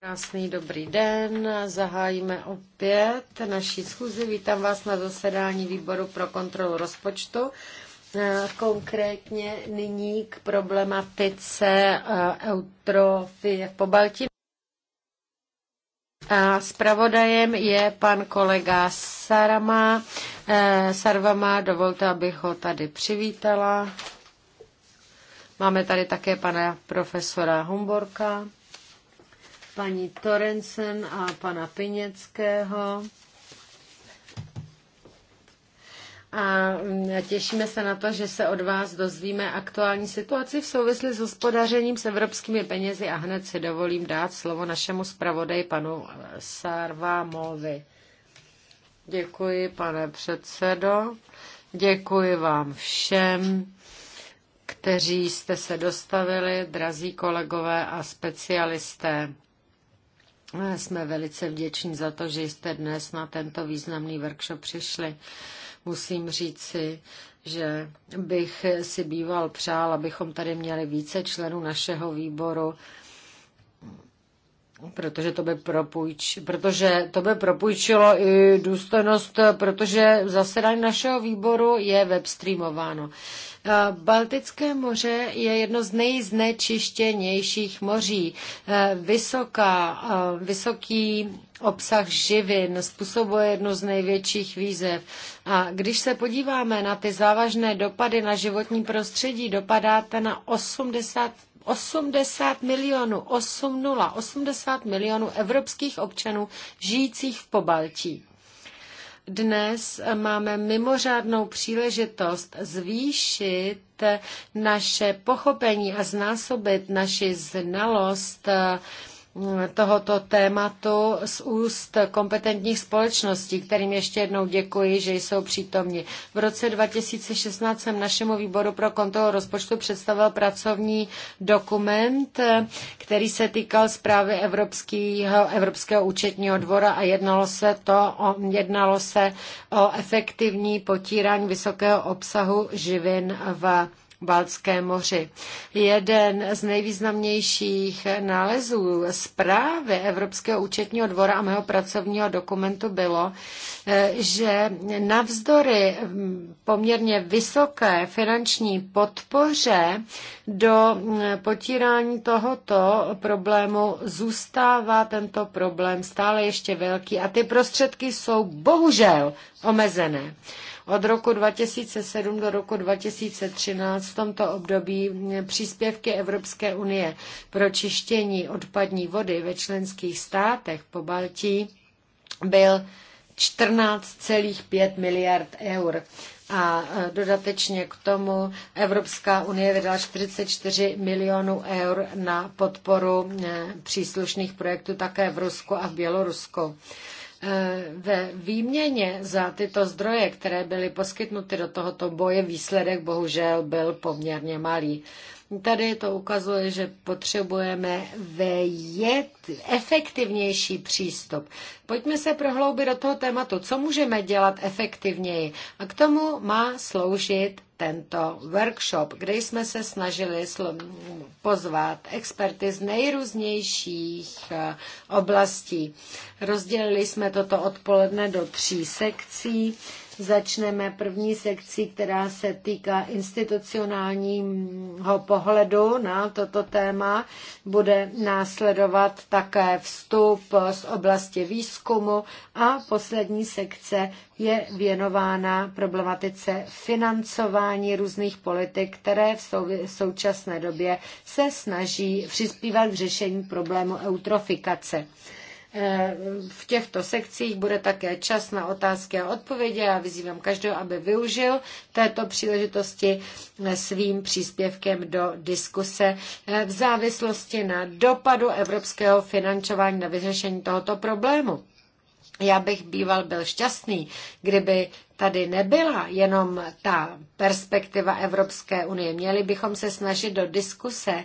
Krásný dobrý den. Zahájíme opět naší schůzi. Vítám vás na zasedání výboru pro kontrolu rozpočtu. Eh, konkrétně nyní k problematice eh, eutrofie v Pobaltí. A spravodajem je pan kolega Sarama. Eh, Sarvama, dovolte, abych ho tady přivítala. Máme tady také pana profesora Humborka paní Torensen a pana Piněckého. A mm, těšíme se na to, že se od vás dozvíme aktuální situaci v souvislosti s hospodařením s evropskými penězi a hned si dovolím dát slovo našemu zpravodaji panu Sarvamovi. Děkuji, pane předsedo. Děkuji vám všem, kteří jste se dostavili, drazí kolegové a specialisté. Jsme velice vděční za to, že jste dnes na tento významný workshop přišli. Musím říci, že bych si býval přál, abychom tady měli více členů našeho výboru, protože to by, propůjč, protože to by propůjčilo i důstojnost, protože zasedání našeho výboru je webstreamováno. Baltické moře je jedno z nejznečištěnějších moří. E, vysoká, e, vysoký obsah živin způsobuje jednu z největších výzev. A když se podíváme na ty závažné dopady na životní prostředí, dopadáte na 80 80 milionů, 8 0, 80 milionů evropských občanů žijících v Pobaltí. Dnes máme mimořádnou příležitost zvýšit naše pochopení a znásobit naši znalost uh, tohoto tématu z úst kompetentních společností, kterým ještě jednou děkuji, že jsou přítomni. V roce 2016 jsem našemu výboru pro kontrolu rozpočtu představil pracovní dokument, který se týkal zprávy Evropského, Evropského účetního dvora a jednalo se, to o, jednalo se o efektivní potírání vysokého obsahu živin v Baltské moři. Jeden z nejvýznamnějších nálezů zprávy Evropského účetního dvora a mého pracovního dokumentu bylo, eh, že navzdory mm, poměrně vysoké finanční podpoře do mm, potírání tohoto problému zůstává tento problém stále ještě velký a ty prostředky jsou bohužel omezené. Od roku 2007 do roku 2013 v tomto období příspěvky Evropské unie pro čištění odpadní vody ve členských státech po Baltí byl 14,5 miliard eur. A e, dodatečně k tomu Evropská unie vydala 44 milionů eur na podporu e, příslušných projektů také v Rusku a v Bělorusku. Eh, ve výměně za tyto zdroje, které byly poskytnuty do tohoto boje, výsledek bohužel byl poměrně malý. Tady to ukazuje, že potřebujeme vejet efektivnější přístup. Pojďme se prohloubit do toho tématu, co můžeme dělat efektivněji. A k tomu má sloužit tento workshop, kde jsme se snažili pozvat experty z nejrůznějších eh, oblastí. Rozdělili jsme toto odpoledne do tří sekcí. Začneme první sekcí, která se týká institucionálního pohledu na toto téma. Bude následovat také vstup z oblasti výzkumu a poslední sekce je věnována problematice financování různých politik, které v současné době se snaží přispívat k řešení problému eutrofikace. Eh, v těchto sekcích bude také čas na otázky a odpovědi a vyzývám každého, aby využil této příležitosti eh, svým příspěvkem do diskuse eh, v závislosti na dopadu evropského financování na vyřešení tohoto problému. Já bych býval byl šťastný, kdyby tady nebyla jenom ta perspektiva Evropské unie. Měli bychom se snažit do diskuse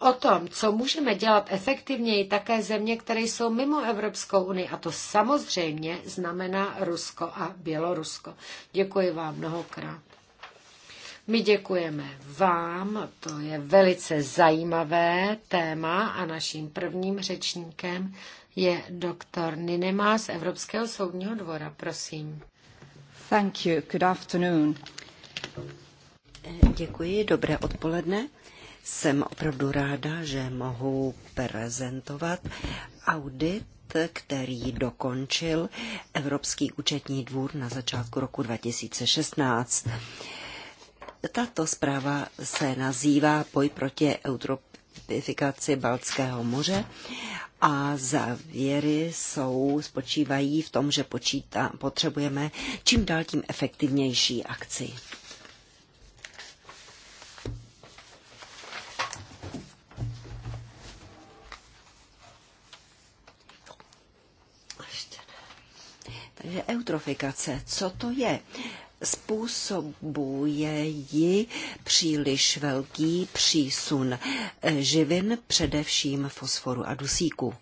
o tom, co můžeme dělat efektivněji také země, které jsou mimo Evropskou unii. A to samozřejmě znamená Rusko a Bělorusko. Děkuji vám mnohokrát. My děkujeme vám, to je velice zajímavé téma a naším prvním řečníkem je doktor Ninema z Evropského soudního dvora, prosím. Děkuji, dobré odpoledne. Jsem opravdu ráda, že mohu prezentovat audit, který dokončil Evropský účetní dvůr na začátku roku 2016. Tato zpráva se nazývá Boj proti eutrofikaci Baltského moře a závěry jsou, spočívají v tom, že počítá, potřebujeme čím dál tím efektivnější akci. Takže eutrofikace, co to je? způsobuje ji příliš velký přísun živin, především fosforu a dusíku.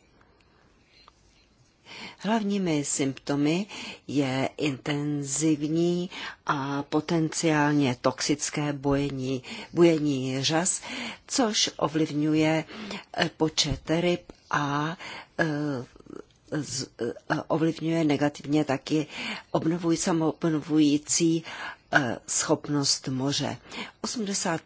Hlavními symptomy je intenzivní a potenciálně toxické bojení, bojení řas, což ovlivňuje počet ryb a e, Eh, ovlivňuje negativně taky obnovují samoobnovující eh, schopnost moře. 80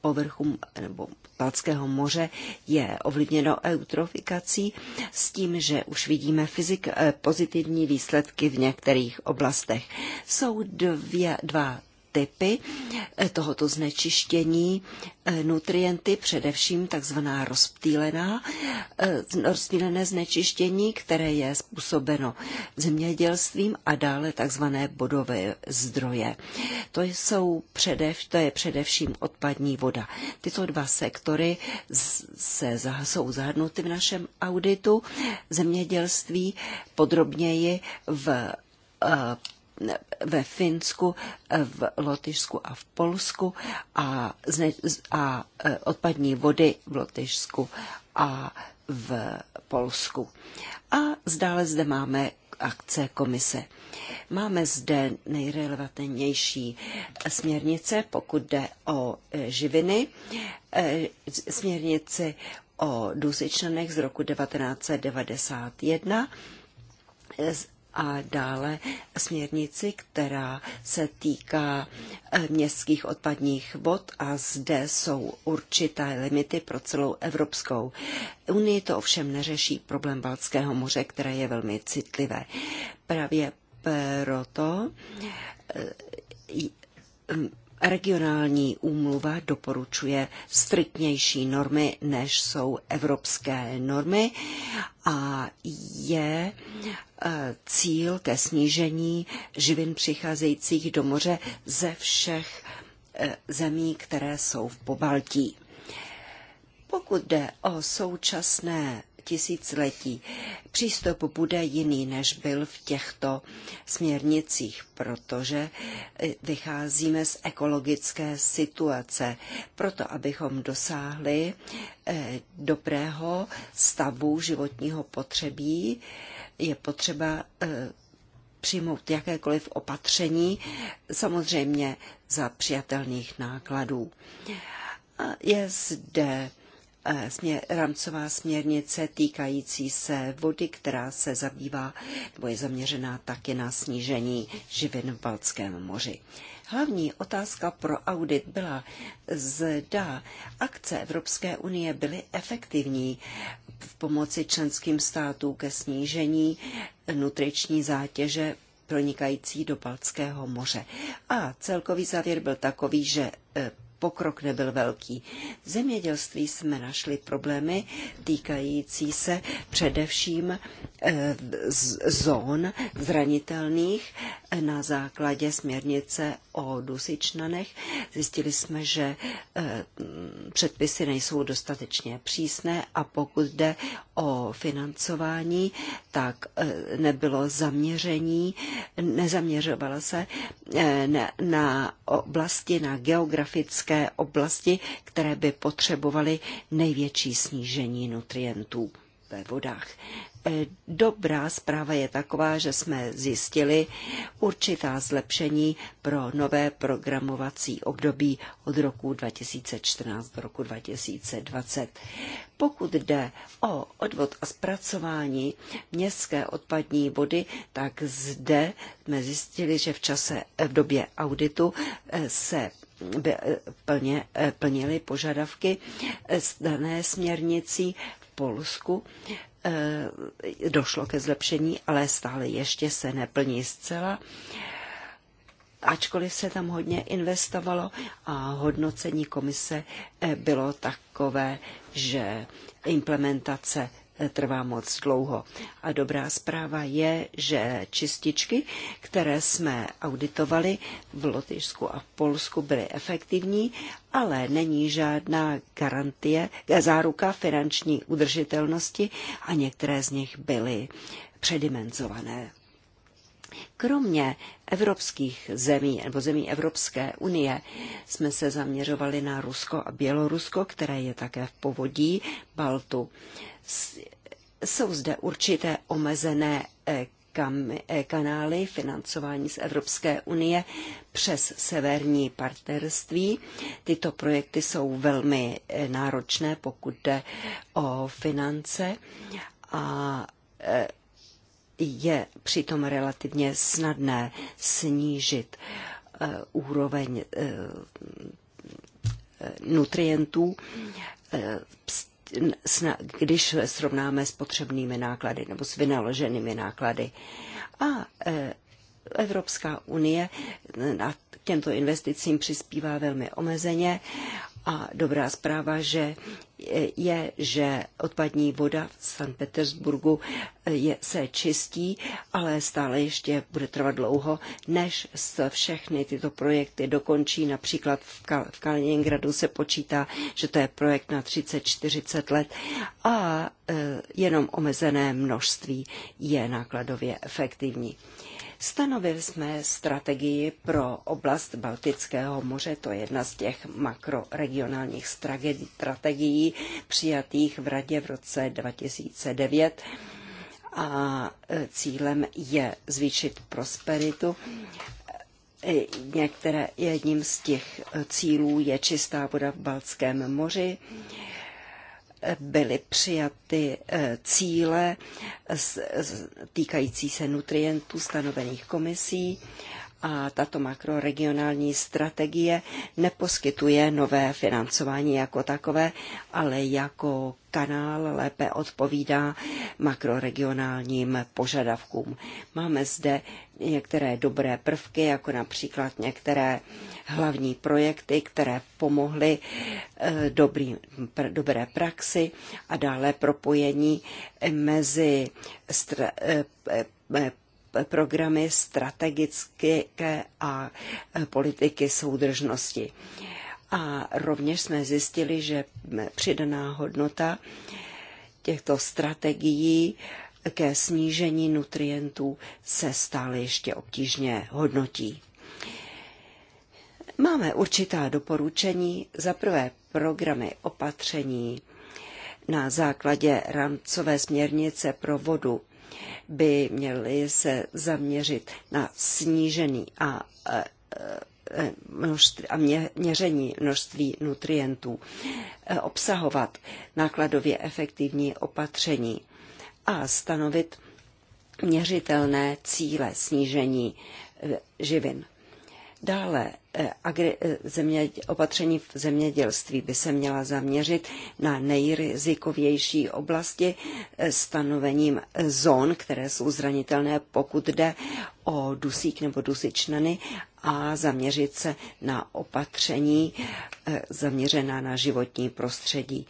povrchu nebo Balckého moře je ovlivněno eutrofikací s tím, že už vidíme fyzik, eh, pozitivní výsledky v některých oblastech. Jsou dvě, dva typy eh, tohoto znečištění eh, nutrienty, především takzvaná rozptýlená, eh, rozptýlené znečištění, které je způsobeno zemědělstvím a dále takzvané bodové zdroje. To, jsou předev, to je především odpadní voda. Tyto dva sektory se, jsou zahrnuty v našem auditu zemědělství, podrobněji v ve Finsku, v Lotyšsku a v Polsku a, zne, a e, odpadní vody v Lotyšsku a v Polsku. A zdále zde máme akce komise. Máme zde nejrelevantnější směrnice, pokud jde o e, živiny, e, směrnici o důsečnanech z roku 1991, a dále směrnici, která se týká eh, městských odpadních vod a zde jsou určité limity pro celou Evropskou unii. To ovšem neřeší problém Balckého moře, které je velmi citlivé. Právě proto eh, regionální úmluva doporučuje striktnější normy, než jsou evropské normy a je e, cíl ke snížení živin přicházejících do moře ze všech e, zemí, které jsou v Pobaltí. Pokud jde o současné tisíciletí. Přístup bude jiný, než byl v těchto směrnicích, protože e, vycházíme z ekologické situace. Proto, abychom dosáhli e, dobrého stavu životního potřebí, je potřeba e, přijmout jakékoliv opatření, samozřejmě za přijatelných nákladů. Je zde Eh, rámcová směrnice týkající se vody, která se zabývá nebo je zaměřená také na snížení živin v Balckém moři. Hlavní otázka pro audit byla, zda akce Evropské unie byly efektivní v pomoci členským státům ke snížení nutriční zátěže pronikající do Balckého moře. A celkový závěr byl takový, že eh, pokrok nebyl velký. V zemědělství jsme našli problémy týkající se především eh, zón zranitelných na základě směrnice o dusičnanech. Zjistili jsme, že eh, předpisy nejsou dostatečně přísné a pokud jde o financování, tak eh, nebylo zaměření, nezaměřovala se na oblasti, na geografické zemědělské oblasti, které by potřebovaly největší snížení nutrientů ve vodách. E, dobrá zpráva je taková, že jsme zjistili určitá zlepšení pro nové programovací období od roku 2014 do roku 2020. Pokud jde o odvod a zpracování městské odpadní vody, tak zde jsme zjistili, že v čase v době auditu e, se Eh, plně, eh, plnili požadavky dané směrnicí v Polsku eh, došlo ke zlepšení, ale stále ještě se neplní zcela. Ačkoliv se tam hodně investovalo a hodnocení komise bylo takové, že implementace trvá moc dlouho. A dobrá zpráva je, že čističky, které jsme auditovali v Lotyšsku a v Polsku, byly efektivní, ale není žádná garantie, záruka finanční udržitelnosti a některé z nich byly předimenzované. Kromě evropských zemí nebo zemí Evropské unie jsme se zaměřovali na Rusko a Bělorusko, které je také v povodí Baltu. Jsou zde určité omezené eh, eh, kanály financování z Evropské unie přes severní partnerství. Tyto projekty jsou velmi eh, náročné, pokud jde o finance a je přitom relativně snadné snížit eh, úroveň eh, nutrientů, eh, když srovnáme s potřebnými náklady nebo s vynaloženými náklady. A Evropská unie na těmto investicím přispívá velmi omezeně a dobrá zpráva, že je, že odpadní voda v San Petersburgu eh, je, se čistí, ale stále ještě bude trvat dlouho, než se všechny tyto projekty dokončí. Například v, Kal- v Kaliningradu se počítá, že to je projekt na 30-40 let a e, jenom omezené množství je nákladově efektivní. E, Stanovili jsme strategii pro oblast Baltického moře, to je jedna z těch makroregionálních strategií přijatých v Radě v roce 2009 a e, cílem je zvýšit prosperitu e, některé, jedním z těch e, cílů je čistá voda v Baltském moři byly přijaty eh, cíle týkající se nutrientů stanovených komisí a tato makroregionální strategie neposkytuje nové financování jako takové, ale jako kanál lépe odpovídá makroregionálním požadavkům. Máme zde některé dobré prvky, jako například některé hlavní projekty, které pomohly eh, dobrý, pr, dobré praxi a dále propojení mezi stra, eh, eh, programy strategické a politiky soudržnosti. A rovněž jsme zjistili, že přidaná hodnota těchto strategií ke snížení nutrientů se stále ještě obtížně hodnotí. Máme určitá doporučení. Za prvé programy opatření na základě rámcové směrnice pro vodu by měly se zaměřit na snížený a, a, e, e, množství, a mě, měření množství nutrientů, e, obsahovat nákladově efektivní opatření a stanovit měřitelné cíle snížení eh, živin. Dále eh, eh, opatření v zemědělství by se měla zaměřit na nejrizikovější oblasti stanovením zón, které jsou zranitelné, pokud jde o dusík nebo dusičnany a zaměřit se na opatření zaměřená na životní prostředí.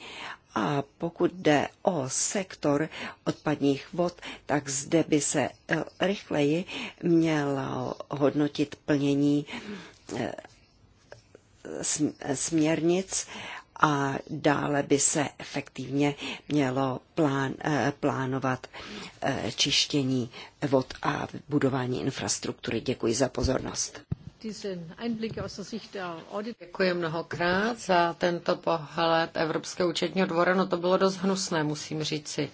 A pokud jde o sektor odpadních vod, tak zde by se eh, rychleji měla hodnotit plnění eh, směrnic a dále by se efektivně mělo plán, eh, plánovat čištění vod a budování infrastruktury. Děkuji za pozornost. Děkuji mnohokrát za tento pohled Evropského účetního dvora. No to bylo dost hnusné, musím říci.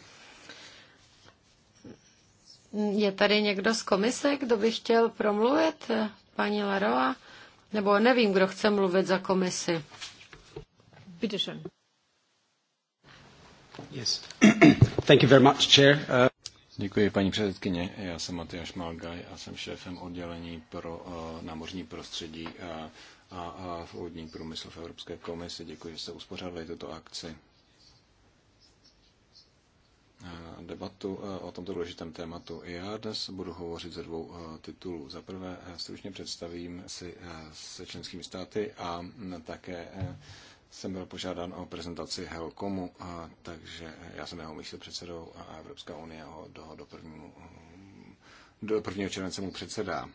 Je tady někdo z komise, kdo by chtěl promluvit? Paní Laroa? Nebo nevím, kdo chce mluvit za komisi. Bitte schön. Yes. Thank you very much, Chair. Uh... Děkuji, paní předsedkyně. Já jsem Matyáš Malgaj a jsem šéfem oddělení pro uh, námořní prostředí a, a, a vodní průmysl v Evropské komisi. Děkuji, že jste uspořádali tuto akci. Debatu eh, o tomto důležitém tématu. Já dnes budu hovořit ze dvou eh, titulů. Za prvé stručně představím si se členskými státy a také jsem byl požádán o prezentaci Helkomu, a, takže já jsem jeho místo předsedou a Evropská unie ho do, do, prvnímu, mm, do prvního července mu předsedá.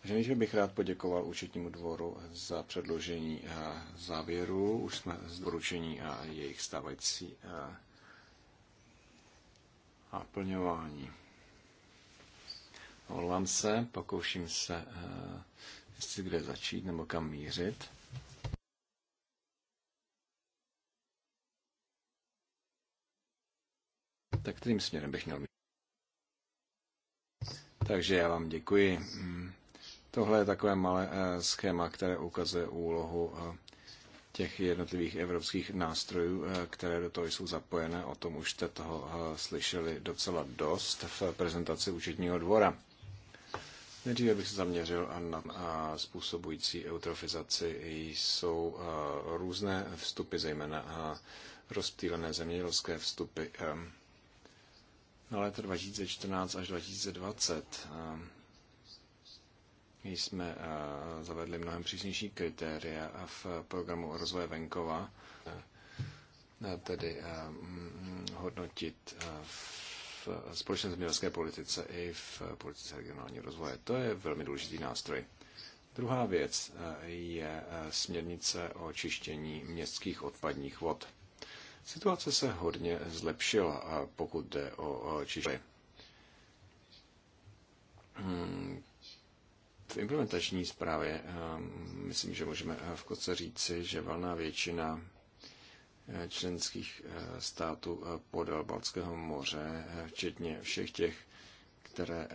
Takže nejdříve bych rád poděkoval účetnímu dvoru za předložení závěru. Už jsme z doručení a jejich stávající a, a plňování. Olám se, pokouším se, jestli kde začít nebo kam mířit. Tak kterým směrem bych měl mít? Takže já vám děkuji. Mm. Tohle je takové malé eh, schéma, které ukazuje úlohu eh, těch jednotlivých evropských nástrojů, eh, které do toho jsou zapojené. O tom už jste toho slyšeli docela dost v prezentaci účetního dvora. Nejdříve bych se zaměřil na způsobující eutrofizaci. Jsou různé vstupy, zejména rozptýlené zemědělské vstupy na léta 2014 až 2020 eh, jsme eh, zavedli mnohem přísnější kritéria v programu rozvoje venkova, eh, tedy mm, hodnotit v společné zemědělské politice i v politice regionálního rozvoje. To je velmi důležitý nástroj. Druhá věc je směrnice o čištění městských odpadních vod. Situace se hodně zlepšila, pokud jde o Čížely. Hmm. V implementační zprávě eh, myslím, že můžeme eh, v kotce říci, že valná většina eh, členských států podél Balckého moře, včetně všech těch, které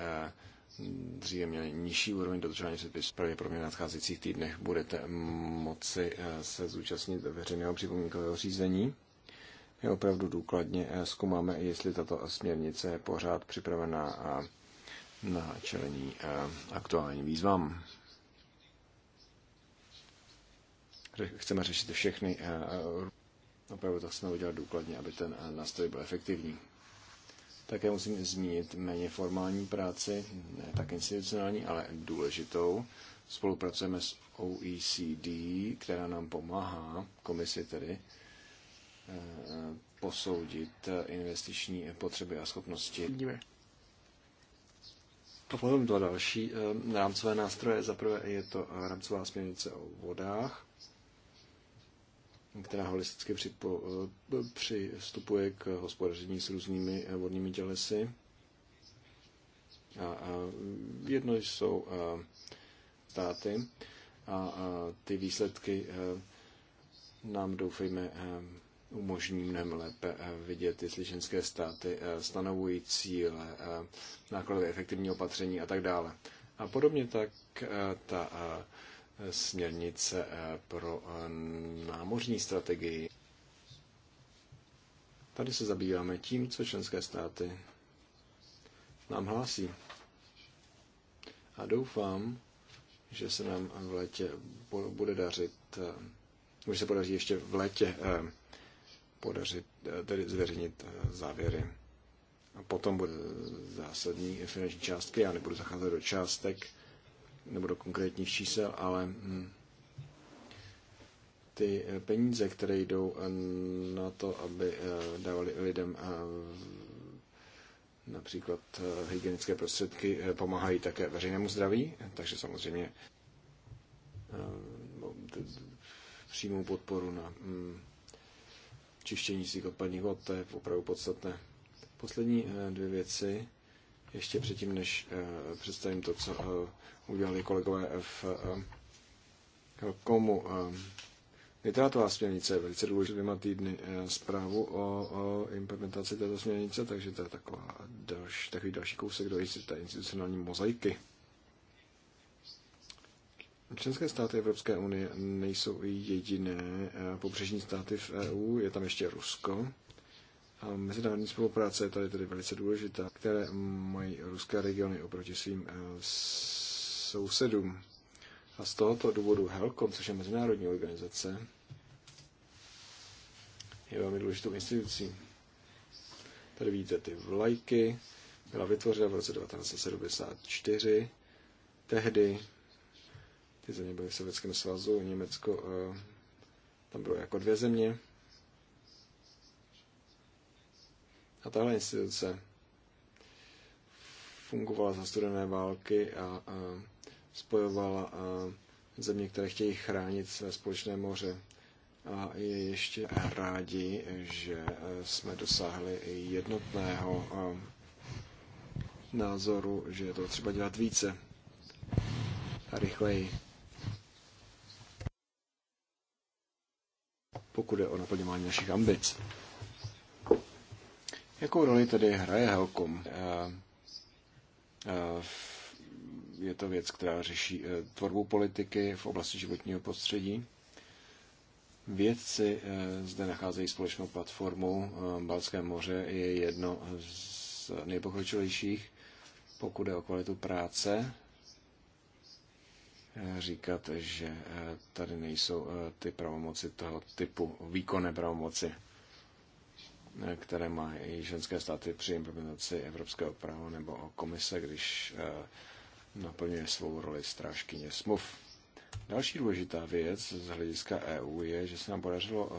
dříve měly nižší úroveň dodržování předpisů. Pravděpodobně v nadcházejících týdnech budete moci se zúčastnit veřejného připomínkového řízení je opravdu důkladně eh, zkoumáme, jestli tato směrnice je pořád připravená eh, na čelení eh, aktuálním výzvám. Chceme řešit všechny. Opravdu to chceme udělat důkladně, aby ten nástroj byl efektivní. Také musím zmínit méně formální práci, ne tak institucionální, ale důležitou. Spolupracujeme s OECD, která nám pomáhá, komisi tedy, Eh, posoudit eh, investiční potřeby a schopnosti. A potom dva další eh, rámcové nástroje. Za prvé je to rámcová směrnice o vodách, která holisticky připo, přistupuje k hospodaření s různými vodními tělesy. A, a jedno jsou a, státy a, a ty výsledky a, nám doufejme a, umožní mnohem lépe eh, vidět, jestli ženské státy eh, stanovují cíle, eh, nákladové efektivní opatření a tak dále. A podobně tak ta směrnice pro námořní strategii. Tady se zabýváme tím, co členské státy nám hlásí. A doufám, že se nám v létě bude dařit, už se podaří ještě v létě podařit, eh, tedy zveřejnit eh, závěry. A potom bude zásadní finanční částky. Já nebudu zacházet do částek nebo do konkrétních čísel, ale hm, ty eh, peníze, které jdou na to, aby dávali lidem například hygienické prostředky, pomáhají také veřejnému zdraví, takže samozřejmě přímou podporu na hm, čištění si odpadních vod, to je opravdu podstatné. Poslední eh, dvě věci, ještě předtím, než eh, představím to, co eh, udělali kolegové v komu. Nitrátová směrnice je velice důležitá dvěma týdny zprávu o, o implementaci této směrnice, takže to je taková další, takový další kousek do institucionální mozaiky. Členské státy Evropské unie nejsou jediné eh, pobřežní státy v EU, je tam ještě Rusko. A mezinárodní spolupráce je tady tedy velice důležitá, které mají ruské regiony oproti svým eh, sousedům. A z tohoto důvodu HELCOM, což je mezinárodní organizace, je velmi důležitou institucí. Tady vidíte ty vlajky, byla vytvořena v roce 1974. Tehdy ty země byly v Sovětském svazu, Německo, eh, tam bylo jako dvě země. A tahle instituce fungovala za studené války a, a spojovala a eh, země, které chtějí chránit své společné moře. A je ještě rádi, že eh, jsme dosáhli jednotného názoru, že je to třeba dělat více a rychleji. pokud je o naplňování našich ambic. Jakou roli tedy hraje Helkom? Eh, eh, je to věc, která řeší eh, tvorbu politiky v oblasti životního prostředí. Vědci zde nacházejí společnou platformu. Balské moře je jedno z nejpokročilejších, pokud je o kvalitu práce říkat, že eh, tady nejsou eh, ty pravomoci toho typu, výkonné pravomoci, eh, které má i ženské státy při implementaci evropského práva nebo komise, když naplňuje svou roli strážkyně smluv. Další důležitá věc z hlediska EU je, že se nám podařilo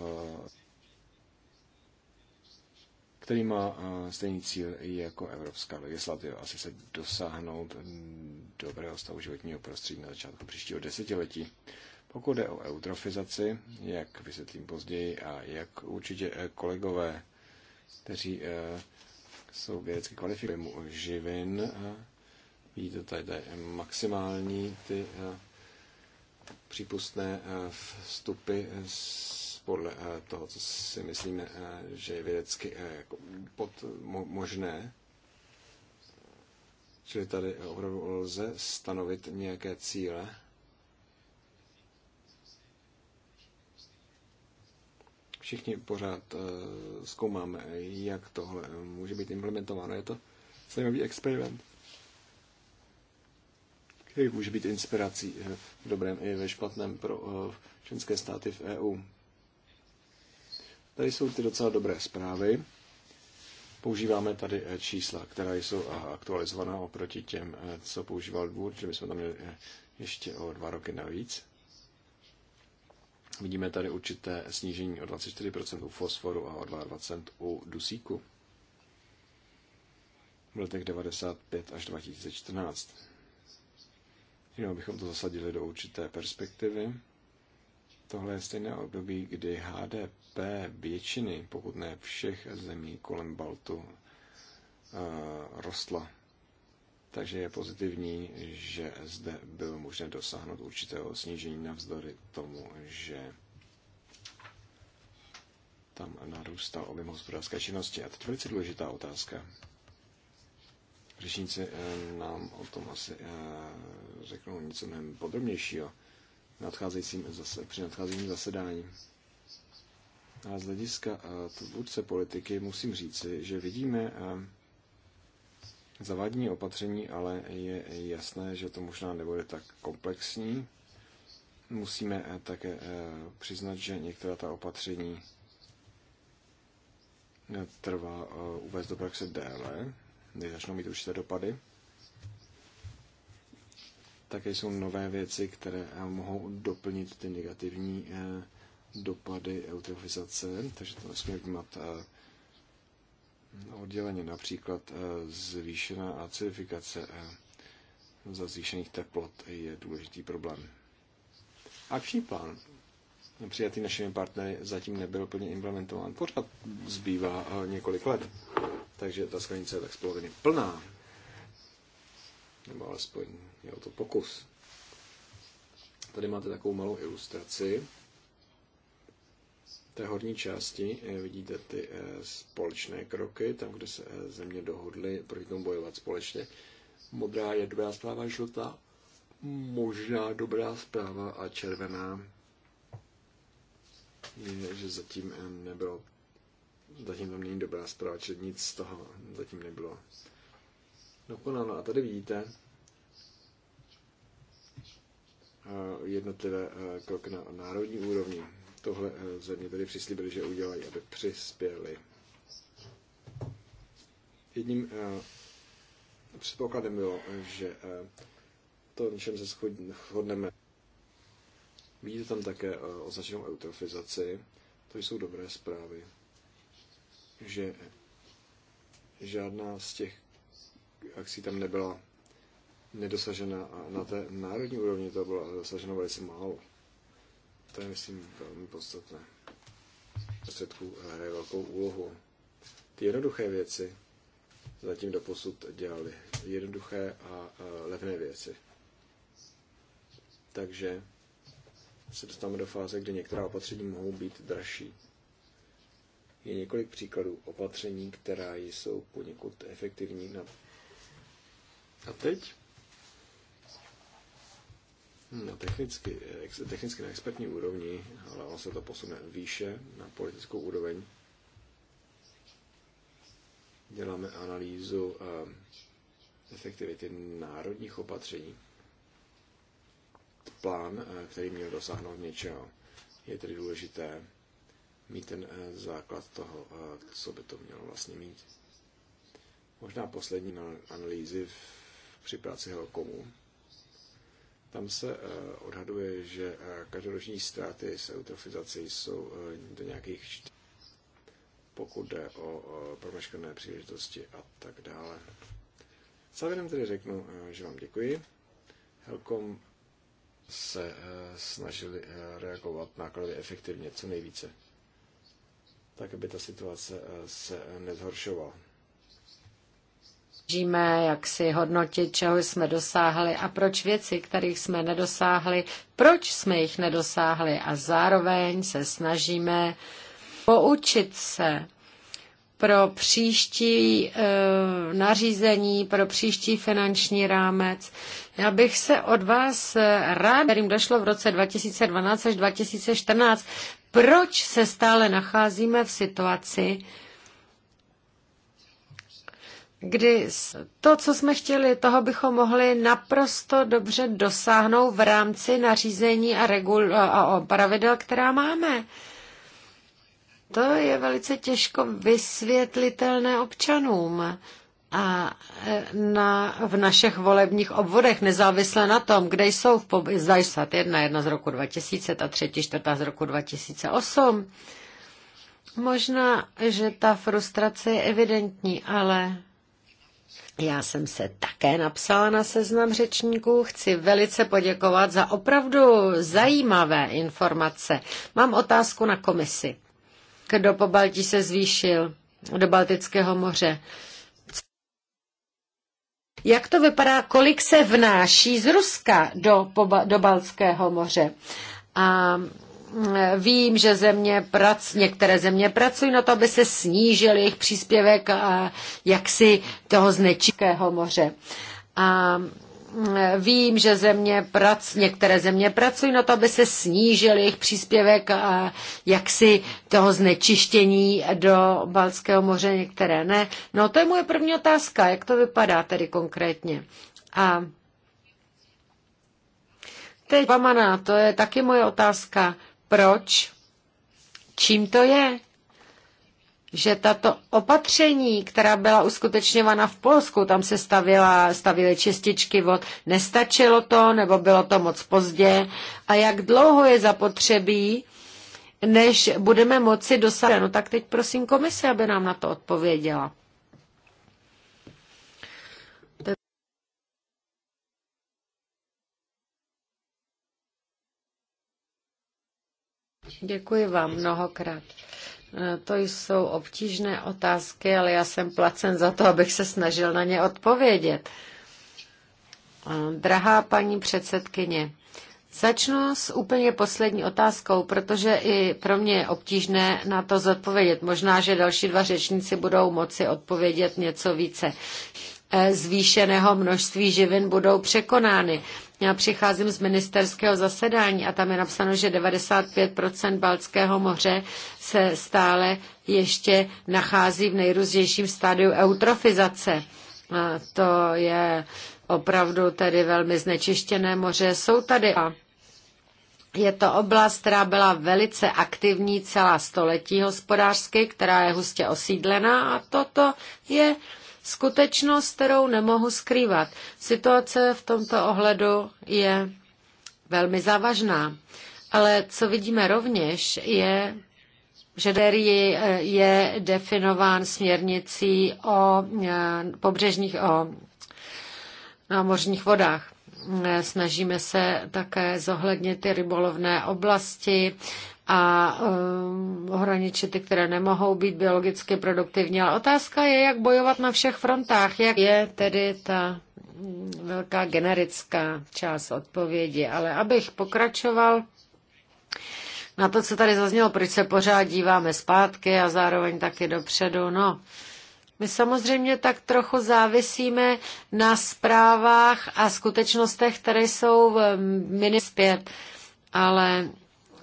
který má eh, stejný cíl jako evropská legislativa. Asi se dosáhnout mm, dobrého stavu životního prostředí na začátku příštího desetiletí. Pokud jde o eutrofizaci, jak vysvětlím později a jak určitě eh, kolegové, kteří eh, jsou vědecky kvalifikovaní živin, vidíte tady, tady maximální ty přípustné vstupy podle eh, toho, co si myslíme, eh, že je vědecky eh, jako pod možné. Čili tady opravdu lze stanovit nějaké cíle. Všichni pořád zkoumáme, jak tohle může být implementováno. Je to zajímavý experiment který může být inspirací v dobrém i ve špatném pro členské státy v EU. Tady jsou ty docela dobré zprávy. Používáme tady eh, čísla, která jsou eh, aktualizovaná oproti těm, eh, co používal dvůr, čili bychom jsme tam měli ještě o dva roky navíc. Vidíme tady určité snížení o 24% u fosforu a o 22% u dusíku v letech 95 až 2014. Jenom bychom to zasadili do určité perspektivy. Tohle je stejné období, kdy HDP většiny, pokud ne všech zemí kolem Baltu, eh, rostla. Takže je pozitivní, že zde bylo možné dosáhnout určitého snížení navzdory tomu, že tam narůstal objem hospodářské činnosti. A teď velice důležitá otázka. Řečníci eh, nám o tom asi eh, řeknou něco mnohem podrobnějšího nadcházejícím, zase, při nadcházejícím zasedání. A z hlediska eh, tvůrce politiky musím říci, že vidíme eh, zavádní opatření, ale je jasné, že to možná nebude tak komplexní. Musíme eh, také přiznat, že některá ta opatření trvá uvést do praxe déle, než začnou mít určité dopady také jsou nové věci, které mohou doplnit ty negativní eh, dopady eutrofizace, takže to nesmíme vnímat eh, odděleně. Například eh, zvýšená acidifikace za zvýšených teplot je důležitý problém. Akční plán přijatý našimi partnery zatím nebyl plně implementován. Pořád zbývá několik let, takže ta sklenice je tak z plná. Nebo alespoň je o to pokus. Tady máte takovou malou ilustraci té horní části eh, vidíte ty eh, společné kroky, tam, kde se eh, země dohodly proti tomu bojovat společně. Modrá je dobrá zpráva, žlutá možná dobrá zpráva a červená je, že zatím nebylo, zatím tam není dobrá zpráva, čili nic z toho zatím nebylo dokonalo. A tady vidíte eh, jednotlivé eh, kroky na národní úrovni. Tohle eh, země tedy přislíbili, že udělají, aby přispěli. Jedním předpokladem bylo, že to ničem se shodneme. Vidíte tam také označenou eutrofizaci. To jsou dobré zprávy, že žádná z těch si tam nebyla nedosažena a na té národní úrovni to bylo dosaženo velice málo. To je, myslím, velmi podstatné. Prostředků eh, hraje velkou úlohu. Ty jednoduché věci zatím do posud dělali. Jednoduché a eh, levné věci. Takže se dostáváme do fáze, kde některá opatření mohou být dražší. Je několik příkladů opatření, která jsou poněkud efektivní na a teď? na no, technicky, technicky na expertní úrovni, ale ono se to posune výše na politickou úroveň. Děláme analýzu ehm, efektivity národních opatření. Plán, eh, který měl dosáhnout něčeho, je tedy důležité mít ten eh, základ toho, eh, co by to mělo vlastně mít. Možná poslední analýzy v při práci Helkomu. Tam se eh, odhaduje, že eh, každoroční ztráty s eutrofizací jsou eh, do nějakých čtyř, pokud jde o promeškané příležitosti a tak dále. Závěrem tedy řeknu, že vám děkuji. Helkom se snažili reagovat nákladově efektivně, co nejvíce, tak aby ta situace se nezhoršovala snažíme, jak si hodnotit, čeho jsme dosáhli a proč věci, kterých jsme nedosáhli, proč jsme jich nedosáhli a zároveň se snažíme poučit se pro příští e, nařízení, pro příští finanční rámec. Já bych se od vás rád, kterým došlo v roce 2012 až 2014, proč se stále nacházíme v situaci, kdy to, co jsme chtěli, toho bychom mohli naprosto dobře dosáhnout v rámci nařízení a, regul- a pravidel, která máme. To je velice těžko vysvětlitelné občanům. A e, na, v našich volebních obvodech, nezávisle na tom, kde jsou v pob- zdají jedna, jedna z roku 2000, a třetí, čtvrtá z roku 2008, Možná, že ta frustrace je evidentní, ale já jsem se také napsala na seznam řečníků. Chci velice poděkovat za opravdu zajímavé informace. Mám otázku na komisi. Kdo po Baltí se zvýšil do Baltického moře? Jak to vypadá, kolik se vnáší z Ruska do, do Baltského moře? A Vím, že země prac, některé země pracují na to, aby se snížil jejich příspěvek a jaksi toho znečikého moře. A mm, vím, že země prac, některé země pracují na to, aby se snížil jejich příspěvek a jaksi toho znečištění do Balského moře, některé ne. No to je moje první otázka, jak to vypadá tedy konkrétně. A teď Pamana, to je taky moje otázka. Proč? Čím to je? že tato opatření, která byla uskutečňována v Polsku, tam se stavila, stavily čističky vod, nestačilo to, nebo bylo to moc pozdě? A jak dlouho je zapotřebí, než budeme moci dosáhnout? No tak teď prosím komise, aby nám na to odpověděla. Děkuji vám mnohokrát. To jsou obtížné otázky, ale já jsem placen za to, abych se snažil na ně odpovědět. Drahá paní předsedkyně, Začnu s úplně poslední otázkou, protože i pro mě je obtížné na to zodpovědět. Možná, že další dva řečníci budou moci odpovědět něco více. Zvýšeného množství živin budou překonány. Já přicházím z ministerského zasedání a tam je napsáno, že 95% Balckého moře se stále ještě nachází v nejrůznějším stádiu eutrofizace. A to je opravdu tedy velmi znečištěné moře. Jsou tady a je to oblast, která byla velice aktivní celá století hospodářsky, která je hustě osídlená a toto je skutečnost, kterou nemohu skrývat. Situace v tomto ohledu je velmi závažná. Ale co vidíme rovněž, je, že Derry je definován směrnicí o eh, pobřežních, o námořních vodách. Eh, snažíme se také zohlednit ty rybolovné oblasti, a um, ohraničit ty, které nemohou být biologicky produktivní. Ale otázka je, jak bojovat na všech frontách, jak je tedy ta mm, velká generická část odpovědi. Ale abych pokračoval na to, co tady zaznělo, proč se pořád díváme zpátky a zároveň taky dopředu, no. My samozřejmě tak trochu závisíme na zprávách a skutečnostech, které jsou mm, mini zpět, ale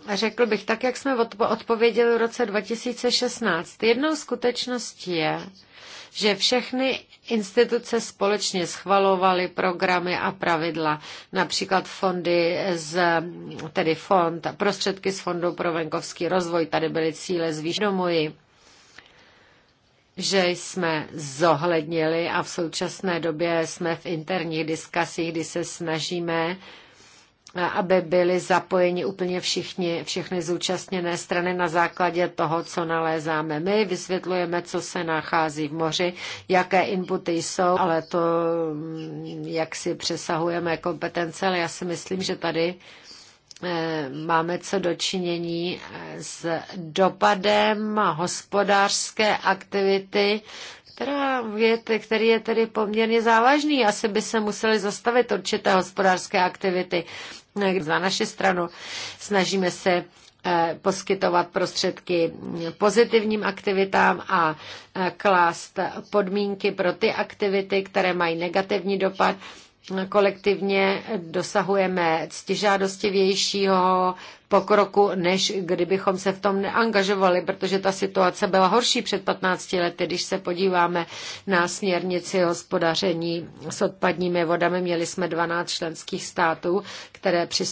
řekl bych tak, jak jsme odpověděli v roce 2016. Jednou skutečností je, že všechny instituce společně schvalovaly programy a pravidla, například fondy z, tedy fond, prostředky z Fondu pro venkovský rozvoj, tady byly cíle zvýšenomuji, že jsme zohlednili a v současné době jsme v interních diskasích, kdy se snažíme aby byli zapojeni úplně všichni, všechny zúčastněné strany na základě toho, co nalézáme. My vysvětlujeme, co se nachází v moři, jaké inputy jsou, ale to, mm, jak si přesahujeme kompetence, ale já si myslím, že tady eh, máme co dočinění eh, s dopadem hospodářské aktivity která je, který je tedy poměrně závažný. Asi by se museli zastavit určité hospodářské aktivity za naši stranu. Snažíme se eh, poskytovat prostředky pozitivním aktivitám a eh, klást podmínky pro ty aktivity, které mají negativní dopad kolektivně dosahujeme ctižádostivějšího pokroku, než kdybychom se v tom neangažovali, protože ta situace byla horší před 15 lety. Když se podíváme na směrnici hospodaření s odpadními vodami, měli jsme 12 členských států, které přistoupily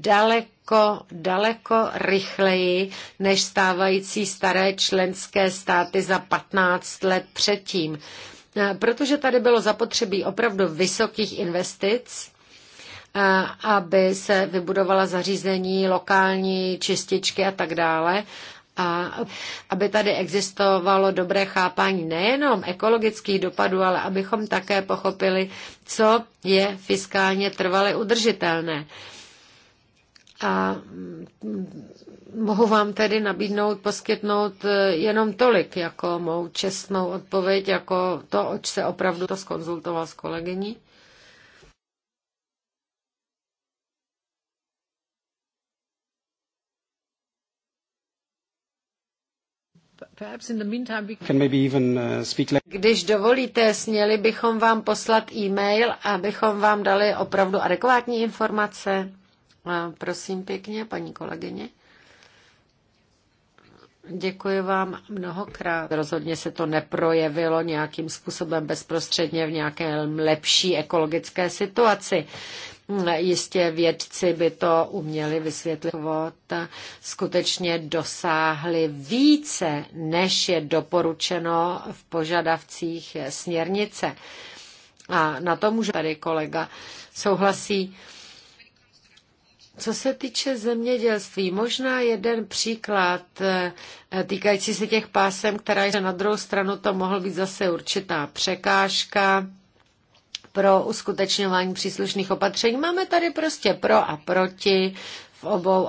daleko, daleko rychleji než stávající staré členské státy za 15 let předtím. Eh, protože tady bylo zapotřebí opravdu vysokých investic, eh, aby se vybudovala zařízení, lokální čističky a tak dále. A aby tady existovalo dobré chápání nejenom ekologických dopadů, ale abychom také pochopili, co je fiskálně trvale udržitelné. A mm, mohu vám tedy nabídnout, poskytnout e, jenom tolik, jako mou čestnou odpověď, jako to, oč se opravdu to skonzultoval s kolegyní. Uh, Když dovolíte, směli bychom vám poslat e-mail, abychom vám dali opravdu adekvátní informace. Prosím pěkně, paní kolegyně. Děkuji vám mnohokrát. Rozhodně se to neprojevilo nějakým způsobem bezprostředně v nějaké lepší ekologické situaci. Jistě vědci by to uměli vysvětlit. Skutečně dosáhli více, než je doporučeno v požadavcích směrnice. A na to může tady kolega souhlasí. Co se týče zemědělství, možná jeden příklad eh, týkající se těch pásem, která je na druhou stranu, to mohl být zase určitá překážka pro uskutečňování příslušných opatření. Máme tady prostě pro a proti v obou.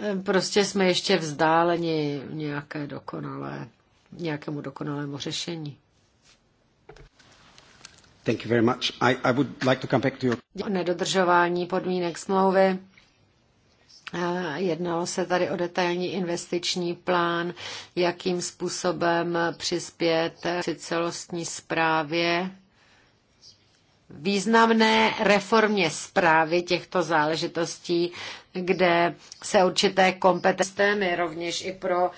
Eh, prostě jsme ještě vzdáleni nějaké dokonalé, nějakému dokonalému řešení. Thank you very much. I, I would like to come back to your... Nedodržování podmínek smlouvy. Eh, jednalo se tady o detailní investiční plán, jakým způsobem přispět při celostní zprávě významné reformě zprávy těchto záležitostí, kde se určité kompetence rovněž i pro uh,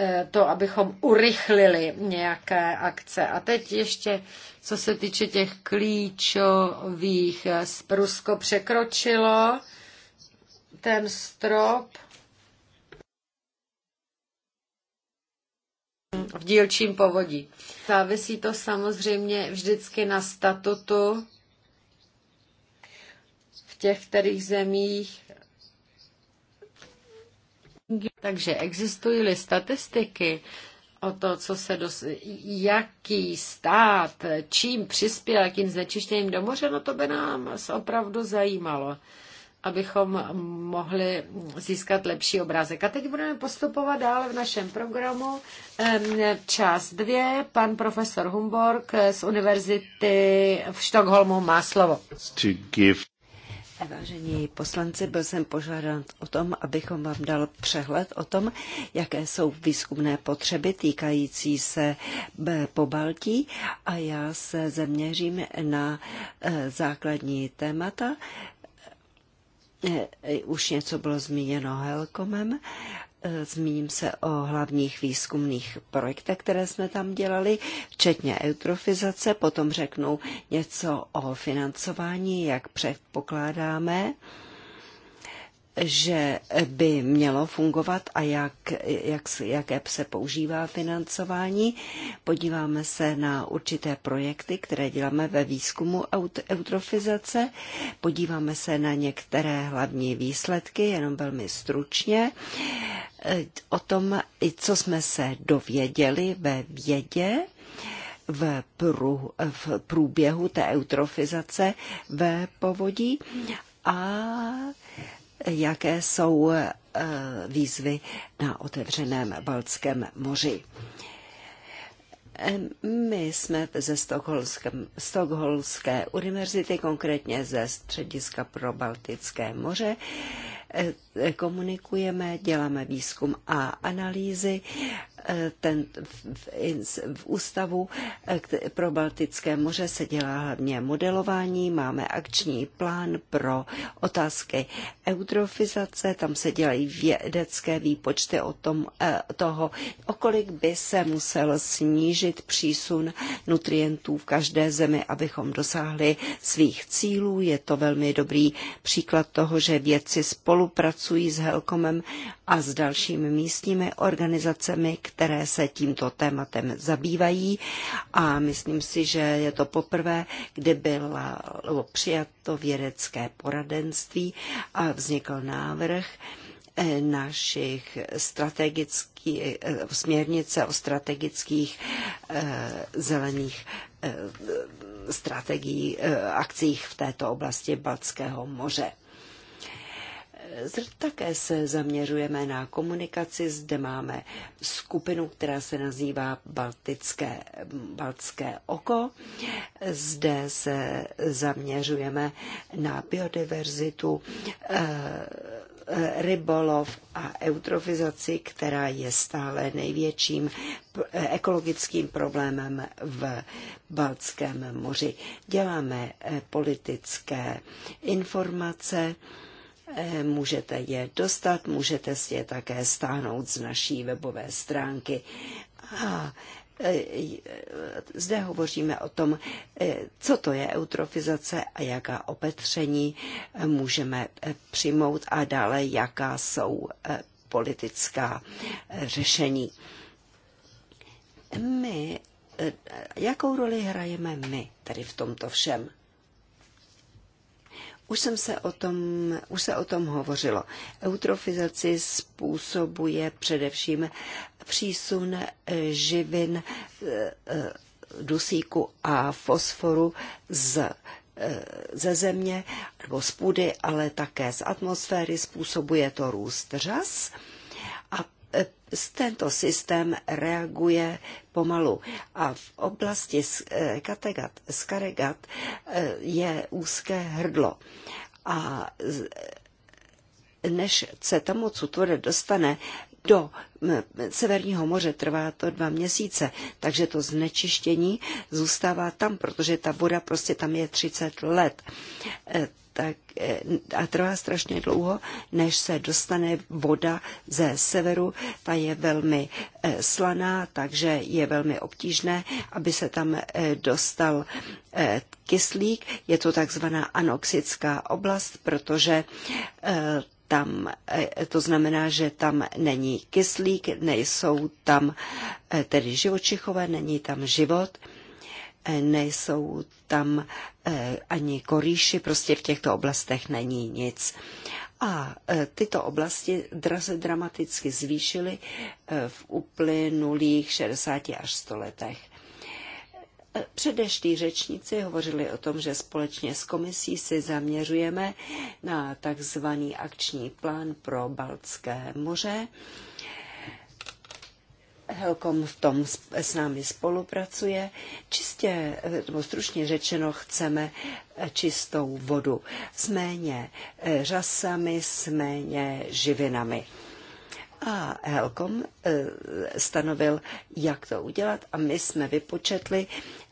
E, to, abychom urychlili nějaké akce. A teď ještě, co se týče těch klíčových, e, Rusko překročilo ten strop v dílčím povodí. Závisí to samozřejmě vždycky na statutu v těch kterých zemích takže existují-li statistiky, o to, co se dos- jaký stát, čím přispěl, jakým znečištěním do moře, no to by nám opravdu zajímalo, abychom mohli získat lepší obrázek. A teď budeme postupovat dále v našem programu. Část dvě, pan profesor Humborg z Univerzity v Štokholmu má slovo. Vážení poslanci, byl jsem požádán o tom, abychom vám dal přehled o tom, jaké jsou výzkumné potřeby týkající se eh, pobaltí a já se zaměřím na eh, základní témata. Eh, už něco bylo zmíněno Helkomem Eh, zmíním se o hlavních výzkumných projektech, které jsme tam dělali, včetně eutrofizace. Potom řeknu něco o financování, jak předpokládáme že by mělo fungovat a jak, jak, jaké se používá financování. Podíváme se na určité projekty, které děláme ve výzkumu eutrofizace. Podíváme se na některé hlavní výsledky, jenom velmi stručně. O tom, co jsme se dověděli ve vědě, v, prů, v průběhu té eutrofizace ve povodí a jaké jsou eh, výzvy na otevřeném Baltském moři. My jsme ze Stokholmské univerzity, konkrétně ze Střediska pro Baltické moře, eh, komunikujeme, děláme výzkum a analýzy Eh, ten, v, v ústavu eh, pro Baltické moře se dělá hlavně modelování, máme akční plán pro otázky eutrofizace, tam se dělají vědecké výpočty o tom, eh, toho, o kolik by se musel snížit přísun nutrientů v každé zemi, abychom dosáhli svých cílů. Je to velmi dobrý příklad toho, že vědci spolupracují s Helkomem a s dalšími místními organizacemi, které se tímto tématem zabývají a myslím si, že je to poprvé, kdy bylo přijato vědecké poradenství a vznikl návrh, eh, našich strategických eh, směrnice o strategických eh, zelených strategií akcích v této oblasti Balckého moře. Také se zaměřujeme na komunikaci. Zde máme skupinu, která se nazývá Baltické, Baltské oko. Zde se zaměřujeme na biodiverzitu, eh, rybolov a eutrofizaci, která je stále největším ekologickým problémem v Baltském moři. Děláme eh, politické informace, Eh, můžete je dostat, můžete si je také stáhnout z naší webové stránky. A eh, eh, zde hovoříme o tom, co to je eutrofizace a jaká opatření můžeme přijmout a dále jaká jsou politická řešení. My, jakou roli hrajeme my tady v tomto všem? Už, jsem se o tom, už se o tom hovořilo. Eutrofizaci způsobuje především přísun eh, živin eh, eh, dusíku a fosforu z ze země nebo z půdy, ale také z atmosféry. Způsobuje to růst řas tento systém reaguje pomalu. A v oblasti eh, Kategat, Skaregat eh, je úzké hrdlo. A než se tomu cutore dostane do Severního moře trvá to dva měsíce, takže to znečištění zůstává tam, protože ta voda prostě tam je 30 let. Eh, tak, eh, a trvá strašně dlouho, než se dostane voda ze severu. Ta je velmi eh, slaná, takže je velmi obtížné, aby se tam dostal kyslík. Je to takzvaná anoxická oblast, protože tam, eh, to znamená, že tam není kyslík, nejsou tam eh, tedy živočichové, není tam život, eh, nejsou tam ani korýši, prostě v těchto oblastech není nic. A tyto oblasti draze dramaticky zvýšily v uplynulých 60 až 100 letech. Předešlí řečníci hovořili o tom, že společně s komisí si zaměřujeme na takzvaný akční plán pro Baltské moře. Helkom v tom s námi spolupracuje. Čistě, nebo stručně řečeno, chceme čistou vodu s méně eh, řasami, s méně živinami. A Helkom eh, stanovil, jak to udělat a my jsme vypočetli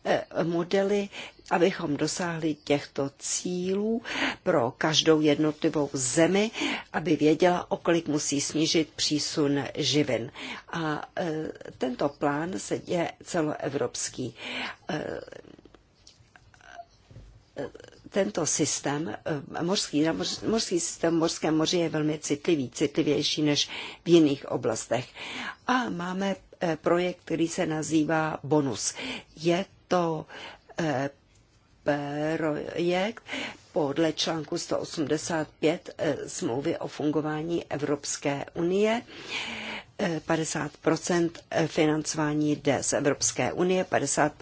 Eh, modely, abychom dosáhli těchto cílů pro každou jednotlivou zemi, aby věděla, o kolik musí snížit přísun živin. A eh, tento plán se je celoevropský eh, tento systém, mořský, mořský systém v Morském moři je velmi citlivý, citlivější než v jiných oblastech. A máme projekt, který se nazývá Bonus. Je to eh, projekt podle článku 185 eh, smlouvy o fungování Evropské unie. 50 eh, financování jde z Evropské unie, 50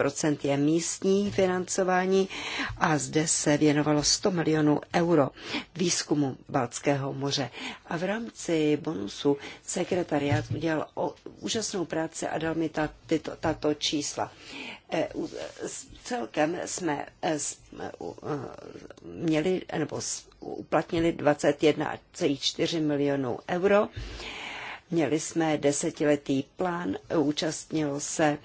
je místní financování a zde se věnovalo 100 milionů euro výzkumu Balckého moře. A v rámci bonusu sekretariát udělal o, úžasnou práci a dal mi tato čísla. E celkem jsme e, e, měli nebo uplatnili 21,4 milionů euro. Měli jsme desetiletý plán, účastnilo se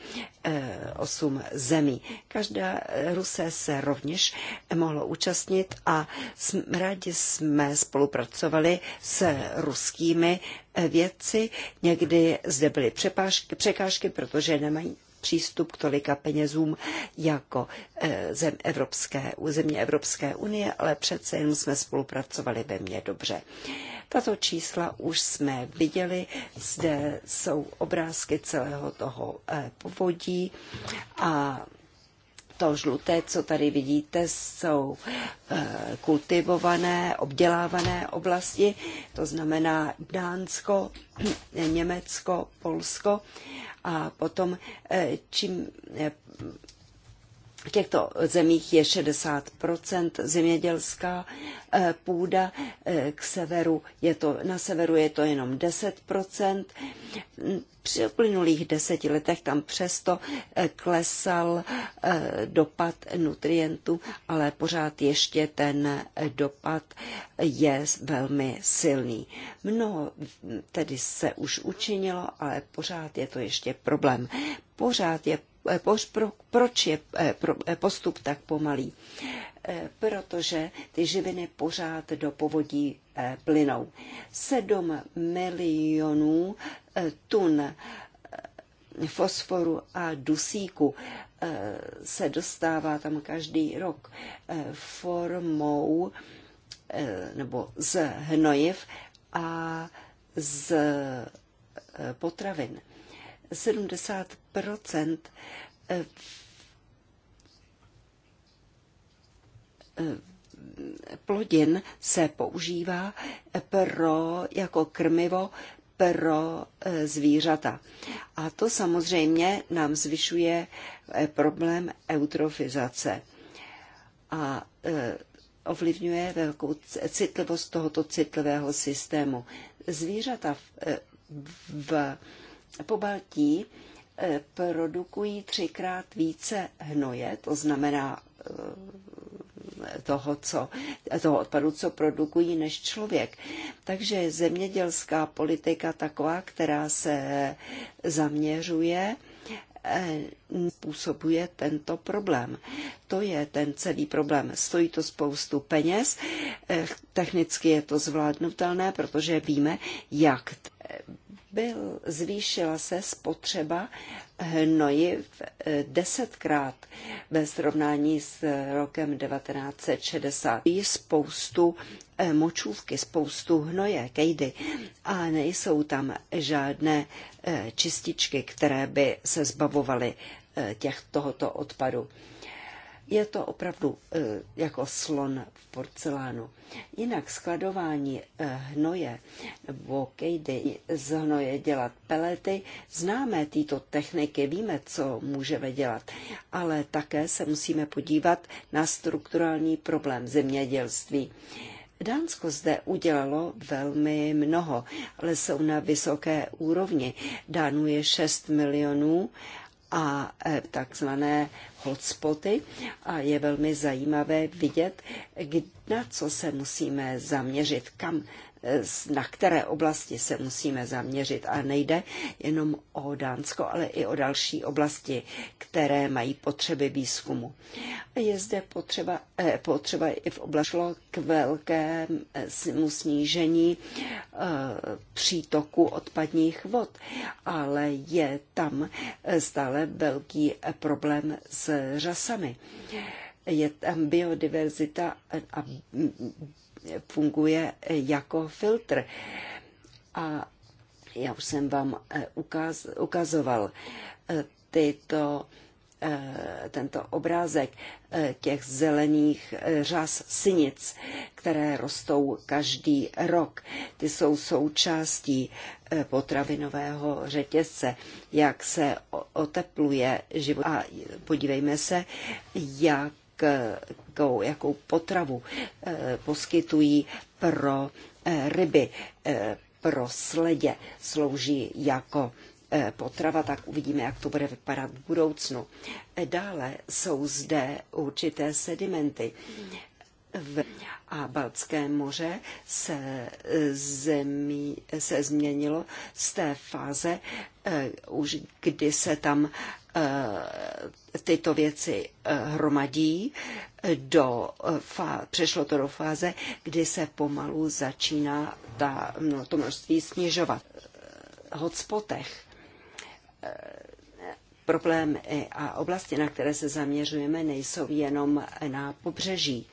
osm zemí. Každá Rusé se rovněž mohlo účastnit a rádi jsme spolupracovali s ruskými vědci. Někdy zde byly překážky, protože nemají přístup k tolika penězům jako eh, zem Evropské, země Evropské unie, ale přece jen jsme spolupracovali ve mně dobře. Tato čísla už jsme viděli, zde jsou obrázky celého toho eh, povodí a to žluté, co tady vidíte, jsou eh, kultivované, obdělávané oblasti, to znamená Dánsko, Německo, Polsko a potom, eh, čím eh, v těchto zemích je 60 zemědělská eh, půda, eh, k severu je to, na severu je to jenom 10 mm, Při uplynulých deseti letech tam přesto eh, klesal dopad nutrientů, ale pořád ještě ten dopad je velmi silný. Mnoho mm, tedy se už učinilo, ale pořád je to ještě problém. Pořád je Eh, proč je eh, eh, postup tak pomalý? Protože ty živiny pořád do povodí plynou. 7 milionů tun fosforu a dusíku se dostává tam každý rok formou nebo z hnojiv a z potravin. 70 plodin se používá pro, jako krmivo pro eh, zvířata. A to samozřejmě nám zvyšuje eh, problém eutrofizace a eh, ovlivňuje velkou citlivost tohoto citlivého systému. Zvířata v, v po baltí eh, produkují třikrát více hnoje, to znamená eh, toho, co, toho odpadu, co produkují, než člověk. Takže zemědělská politika taková, která se zaměřuje, eh, způsobuje tento problém. To je ten celý problém. Stojí to spoustu peněz, technicky je to zvládnutelné, protože víme, jak byl, zvýšila se spotřeba hnojiv eh, desetkrát ve srovnání s rokem 1960. Je spoustu eh, močůvky, spoustu hnoje, kejdy a nejsou tam žádné eh, čističky, které by se zbavovaly těch tohoto odpadu. Je to opravdu eh, jako slon v porcelánu. Jinak skladování eh, hnoje nebo kejdy z hnoje dělat pelety, známe tyto techniky, víme, co můžeme dělat, ale také se musíme podívat na strukturální problém zemědělství. Dánsko zde udělalo velmi mnoho, ale jsou na vysoké úrovni. Dánů je 6 milionů a e, takzvané hotspoty a je velmi zajímavé vidět, na co se musíme zaměřit, kam na které oblasti se musíme zaměřit. A nejde jenom o Dánsko, ale i o další oblasti, které mají potřeby výzkumu. A je zde potřeba, eh, potřeba i v oblasti k velkému eh, snížení eh, přítoku odpadních vod, ale je tam stále velký problém s řasami je tam biodiverzita a funguje jako filtr. A já už jsem vám eh, ukaz, ukazoval eh, tyto, eh, tento obrázek těch zelených řas synic, které rostou každý rok. Ty jsou součástí potravinového řetězce, jak se otepluje život. A podívejme se, jak jakou, jakou potravu eh, poskytují pro eh, ryby, eh, pro sledě. Slouží jako potrava, tak uvidíme, jak to bude vypadat v budoucnu. Dále jsou zde určité sedimenty v a Baltské moře se, eh, zemí, se změnilo z té fáze, eh, už kdy se tam eh, tyto věci hromadí, do, fá, přešlo to do fáze, kdy se pomalu začíná ta, no, to množství snižovat. Hotspotech problémy a oblasti, na které se zaměřujeme, nejsou jenom na pobřeží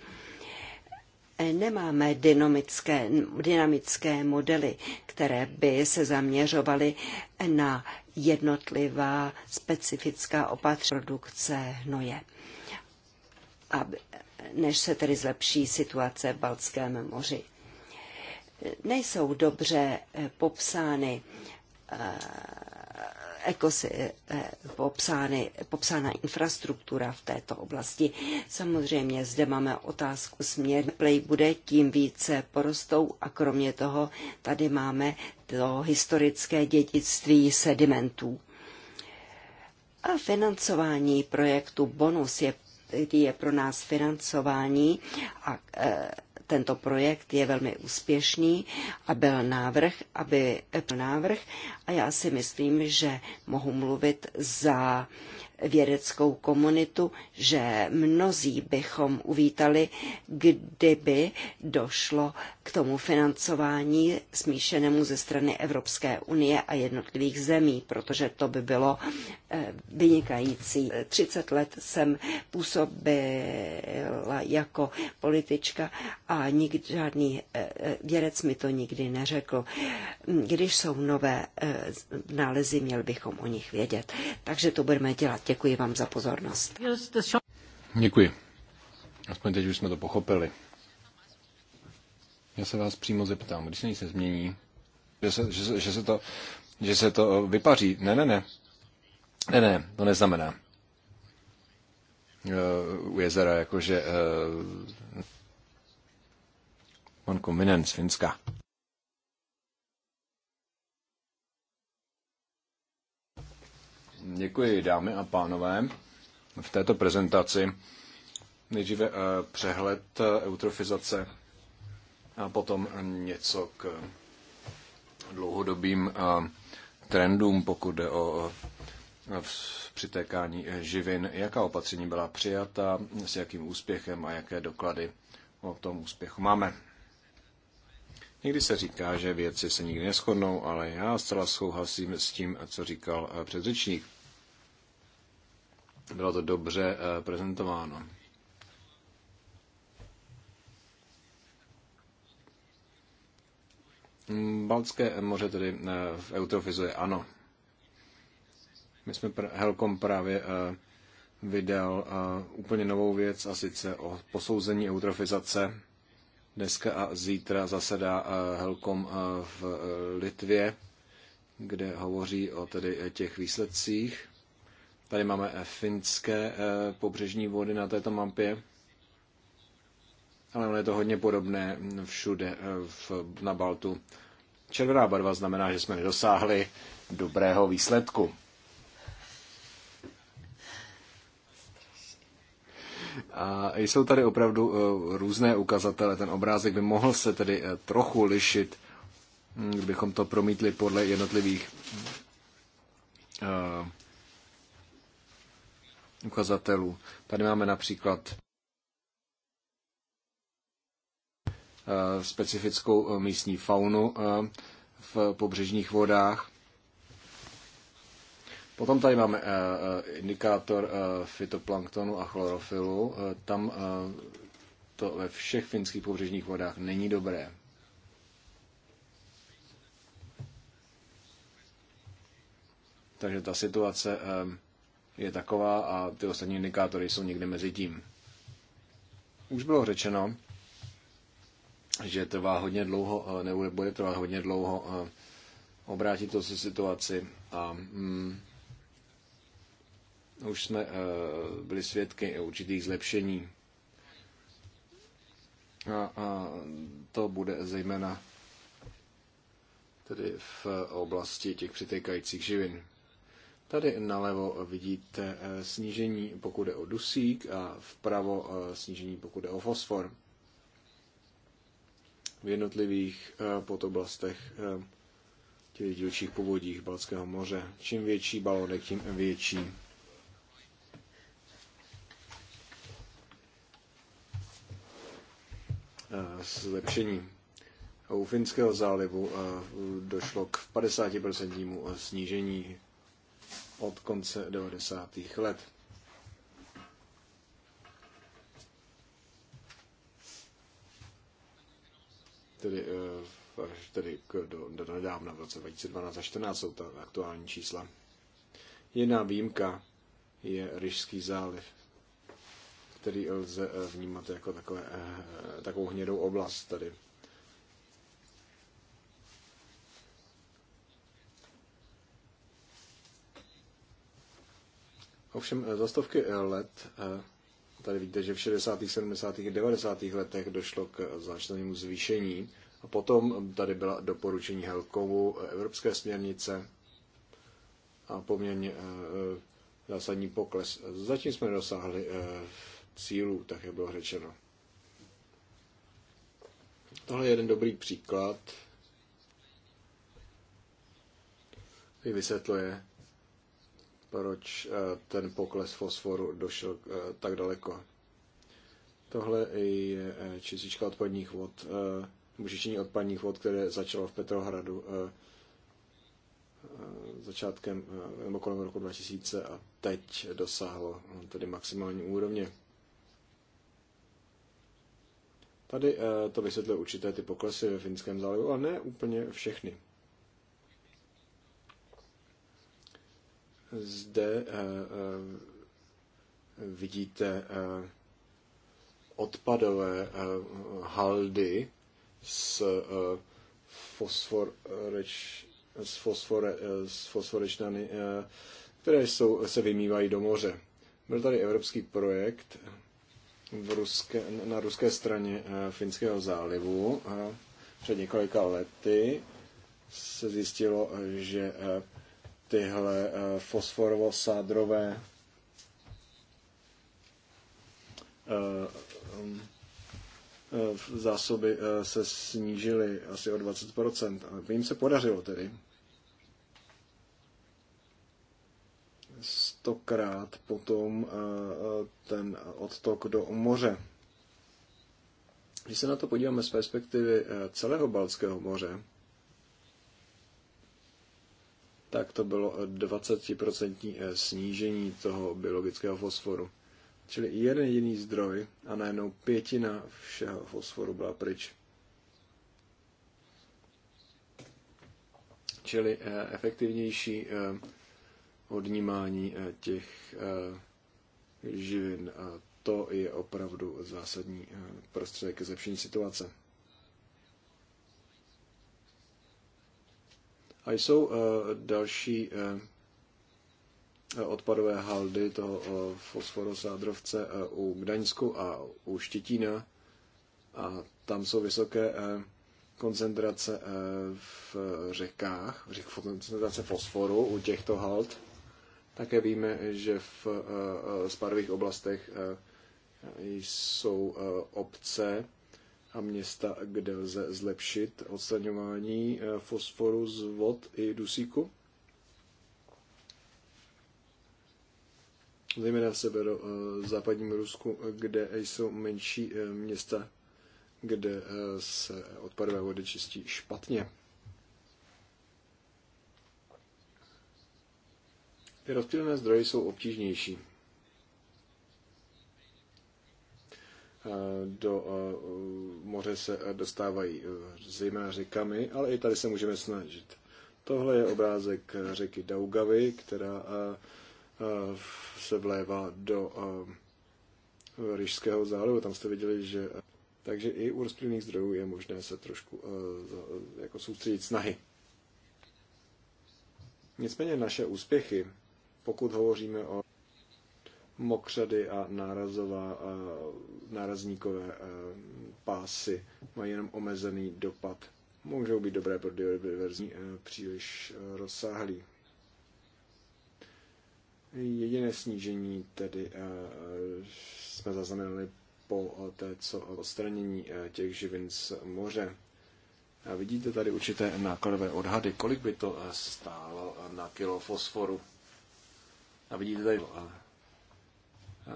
nemáme dynamické, dynamické modely, které by se zaměřovaly na jednotlivá specifická opatření produkce hnoje. A než se tedy zlepší situace v Balckém moři. Nejsou dobře popsány eh, ekosy, eh, popsány, popsána infrastruktura v této oblasti. Samozřejmě zde máme otázku směr. Play bude tím více porostou a kromě toho tady máme to historické dědictví sedimentů. A financování projektu Bonus je, je pro nás financování a e, tento projekt je velmi úspěšný a byl návrh, aby byl návrh a já si myslím, že mohu mluvit za vědeckou komunitu, že mnozí bychom uvítali, kdyby došlo k tomu financování smíšenému ze strany Evropské unie a jednotlivých zemí, protože to by bylo vynikající. 30 let jsem působila jako politička a nikdy žádný eh, eh, vědec mi to nikdy neřekl. Když jsou nové eh, nálezy, měl bychom o nich vědět. Takže to budeme dělat. Děkuji vám za pozornost. Děkuji. Aspoň teď už jsme to pochopili. Já se vás přímo zeptám, když se nic nezmění, že se, že, že se to že se to vypaří. Ne, ne, ne. Ne, ne, to neznamená. Eh, u jezera, jakože on eh, kominen z Finska. Děkuji, dámy a pánové. V této prezentaci nejdříve eh, přehled eutrofizace a potom něco k dlouhodobým trendům, pokud jde o přitékání živin, jaká opatření byla přijata, s jakým úspěchem a jaké doklady o tom úspěchu máme. Někdy se říká, že věci se nikdy neschodnou, ale já zcela souhlasím s tím, co říkal eh, předřečník. Bylo to dobře eh, prezentováno. Balcké moře tedy eh, eutrofizuje ano. My jsme pr- Helkom právě eh, vydal eh, úplně novou věc a sice o posouzení eutrofizace. Dneska a zítra zasedá eh, Helkom v Litvě, kde hovoří o tedy těch výsledcích. Tady máme finské pobřežní vody na této mapě. Ale ono je to hodně podobné mm, všude v, na Baltu. Červená barva znamená, že jsme nedosáhli dobrého výsledku. A jsou tady opravdu eh, různé ukazatele. Ten obrázek by mohl se tedy eh, trochu lišit, hm, kdybychom to promítli podle jednotlivých eh, ukazatelů. Tady máme například specifickou místní faunu v pobřežních vodách. Potom tady máme eh, eh, indikátor eh, fitoplanktonu a chlorofilu. Tam to ve všech finských pobřežních vodách není dobré. Takže ta situace je taková a ty ostatní indikátory jsou někde mezi tím. Už bylo řečeno, že trvá hodně dlouho, nebo bude trvat hodně dlouho obrátit to se situaci a mm, už jsme eh, byli svědky určitých zlepšení. A, to bude zejména tedy v oblasti těch přitékajících živin. Tady nalevo vidíte eh, snížení, pokud jde o dusík, a vpravo eh, snížení, pokud jde o fosfor. V jednotlivých podoblastech těch dílčích povodích Balckého moře. Čím větší balonek, tím větší Eh, zlepšení. U Finského zálivu eh, došlo k 50% eh, snížení od konce 90. let. Tedy, tedy do, do nedávna v roce 2012 a 2014 jsou ta aktuální čísla. Jedna výjimka je Ryšský záliv který lze eh, vnímat jako takové, eh, takovou hnědou oblast tady. Ovšem eh, za stovky let, tady vidíte, že v 60., 70. a 90. letech došlo k značnému zvýšení. A potom tady byla doporučení Helkovu, Evropské směrnice a poměrně zásadní pokles. Zatím jsme dosáhli cílů, tak jak bylo řečeno. Tohle je jeden dobrý příklad, který vysvětluje, proč eh, ten pokles fosforu došel eh, tak daleko. Tohle je eh, čistička odpadních vod, mužičení odpadních vod, které začalo v Petrohradu začátkem nebo kolem roku 2000 a teď dosáhlo tedy maximální úrovně. Tady eh, to vysvětluje určité ty poklesy ve Finském zálivu, ale ne úplně všechny. Zde eh, eh, vidíte odpadové haldy s, fosforeč, s, fosfore, s fosforečnany, které jsou, se vymývají do moře. Byl tady evropský projekt, v ruské, na ruské straně eh, Finského zálivu eh, před několika lety se zjistilo, eh, že tyhle fosforovo-sádrové mm, zásoby se snížily asi o 20%. A jim se podařilo tedy stokrát potom eh, eh, ten odtok do moře. Když se na to podíváme z perspektivy eh, celého Balckého moře, tak to bylo 20% snížení toho biologického fosforu. Čili jeden jediný zdroj a najednou pětina všeho fosforu byla pryč. Čili efektivnější odnímání eh, těch eh, živin. A to je opravdu zásadní eh, prostředek ke zlepšení situace. A jsou další odpadové haldy toho fosforosádrovce u Gdaňsku a u Štětína. A tam jsou vysoké koncentrace v řekách, koncentrace fosforu u těchto hald. Také víme, že v eh, eh, spadových oblastech eh, jsou obce a města, kde lze zlepšit odstraňování fosforu z vod i dusíku. Zejména v severozápadním Rusku, kde jsou menší města, kde se odpadové vody čistí špatně. Ty rozptýlené zdroje jsou obtížnější. Do moře se dostávají e, zejména řekami, ale i tady se můžeme snažit. Tohle je obrázek řeky Daugavy, která se vlévá do Ryšského zálivu. Tam jste viděli, že takže i u rozptýlených zdrojů je možné se trošku e, jako soustředit snahy. Nicméně naše úspěchy pokud hovoříme o mokřady a nárazová, nárazníkové pásy, mají jenom omezený dopad. Můžou být dobré pro biodiverzní, e, příliš rozsáhlý. Jediné snížení tedy e, jsme zaznamenali po té, co odstranění e, těch živin z moře. A vidíte tady určité nákladové odhady, kolik by to stálo na kilo fosforu. A vidíte tady eh,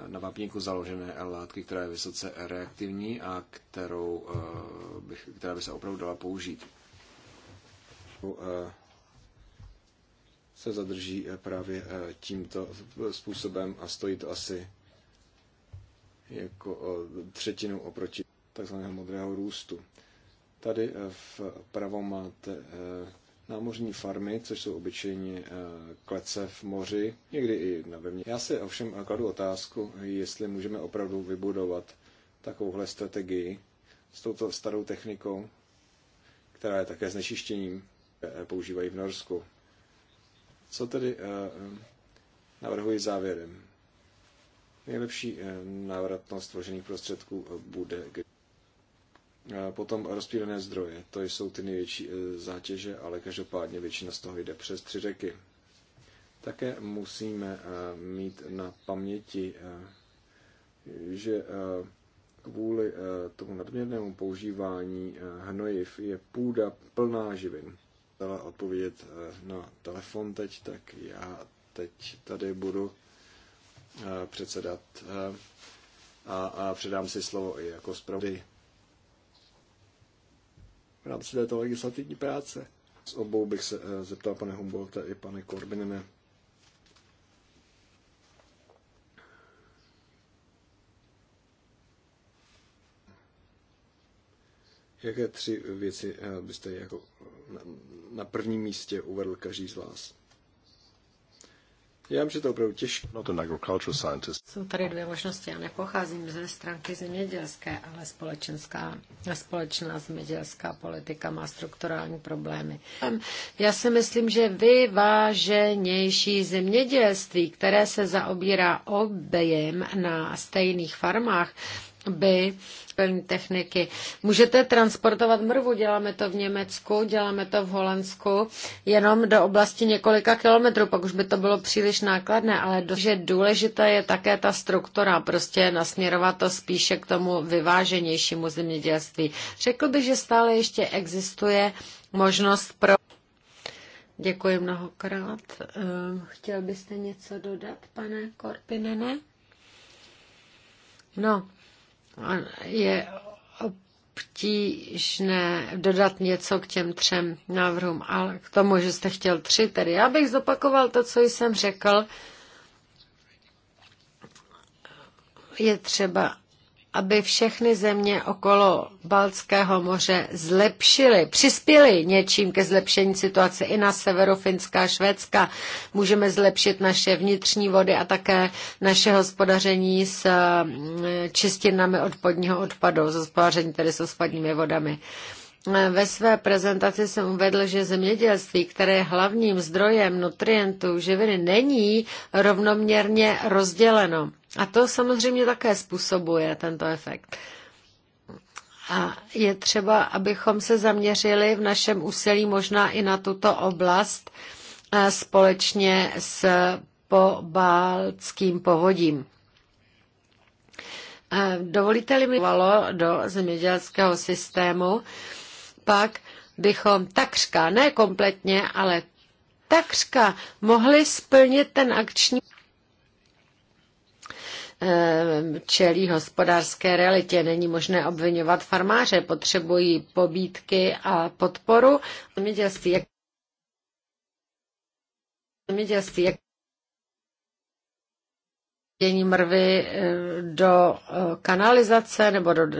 na vápníku založené látky, která je vysoce reaktivní a kterou, eh, bych, která by se opravdu dala použít. Eh, se zadrží právě tímto způsobem a stojí to asi jako třetinu oproti takzvaného modrého růstu. Tady vpravo máte námořní farmy, což jsou obyčejně eh, klece v moři, někdy i na vevně. Já si ovšem eh, kladu otázku, jestli můžeme opravdu vybudovat takovouhle strategii s touto starou technikou, která je také znečištěním, používají v Norsku. Co tedy eh, navrhuji závěrem? Nejlepší návratnost tvořených prostředků bude, Potom rozpílené zdroje, to jsou ty největší e, zátěže, ale každopádně většina z toho jde přes tři řeky. Také musíme e, mít na paměti, e, že kvůli tomu nadměrnému používání hnojiv je půda plná živin. Dala odpovědět na telefon teď, tak já teď tady budu předsedat a, a předám si slovo i jako zpravodaj v rámci této legislativní práce. S obou bych se eh, zeptal, pane Humboldte i pane Korbinene. Jaké tři věci eh, byste jako na, na prvním místě uvedl každý z vás? Já vím, že to opravdu těžké. Not an agricultural scientist. Jsou tady dvě možnosti. Já nepocházím ze stránky zemědělské, ale společenská, společná zemědělská politika má strukturální problémy. Já si myslím, že vyváženější zemědělství, které se zaobírá objem na stejných farmách, by plní eh, techniky. Můžete transportovat mrvu, děláme to v Německu, děláme to v Holandsku, jenom do oblasti několika kilometrů, pak už by to bylo příliš nákladné, ale že důležitá je také ta struktura, prostě nasměrovat to spíše k tomu vyváženějšímu zemědělství. Řekl bych, že stále ještě existuje možnost pro... Děkuji mnohokrát. Eh, chtěl byste něco dodat, pane Korpinene? No, je obtížné dodat něco k těm třem návrhům, ale k tomu, že jste chtěl tři, tedy já bych zopakoval to, co jsem řekl. Je třeba aby všechny země okolo Baltského moře zlepšily, přispěly něčím ke zlepšení situace i na severu Finska a Švédska. Můžeme zlepšit naše vnitřní vody a také naše hospodaření s mm, čistinami odpadního odpadu, s hospodaření tedy s odpadními vodami. Ve své prezentaci jsem uvedl, že zemědělství, které je hlavním zdrojem nutrientů živiny, není rovnoměrně rozděleno. A to samozřejmě také způsobuje tento efekt. A je třeba, abychom se zaměřili v našem úsilí možná i na tuto oblast eh, společně s pobaltským povodím. Eh, dovolíte-li mi do zemědělského systému, pak bychom takřka, ne kompletně, ale takřka mohli splnit ten akční eh, čelí hospodářské realitě. Není možné obvinovat farmáře, potřebují pobídky a podporu. Zemědělství, jak zemědělství, jak dění mrvy eh, do eh, kanalizace nebo do, eh,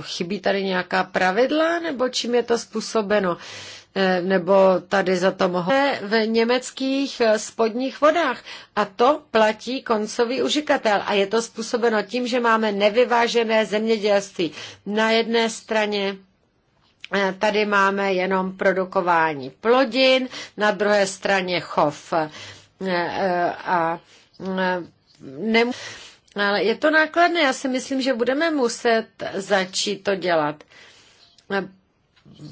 chybí tady nějaká pravidla nebo čím je to způsobeno? nebo tady za to mohou v německých spodních vodách. A to platí koncový užikatel. A je to způsobeno tím, že máme nevyvážené zemědělství. Na jedné straně tady máme jenom produkování plodin, na druhé straně chov. A nemů- ale je to nákladné, já si myslím, že budeme muset začít to dělat,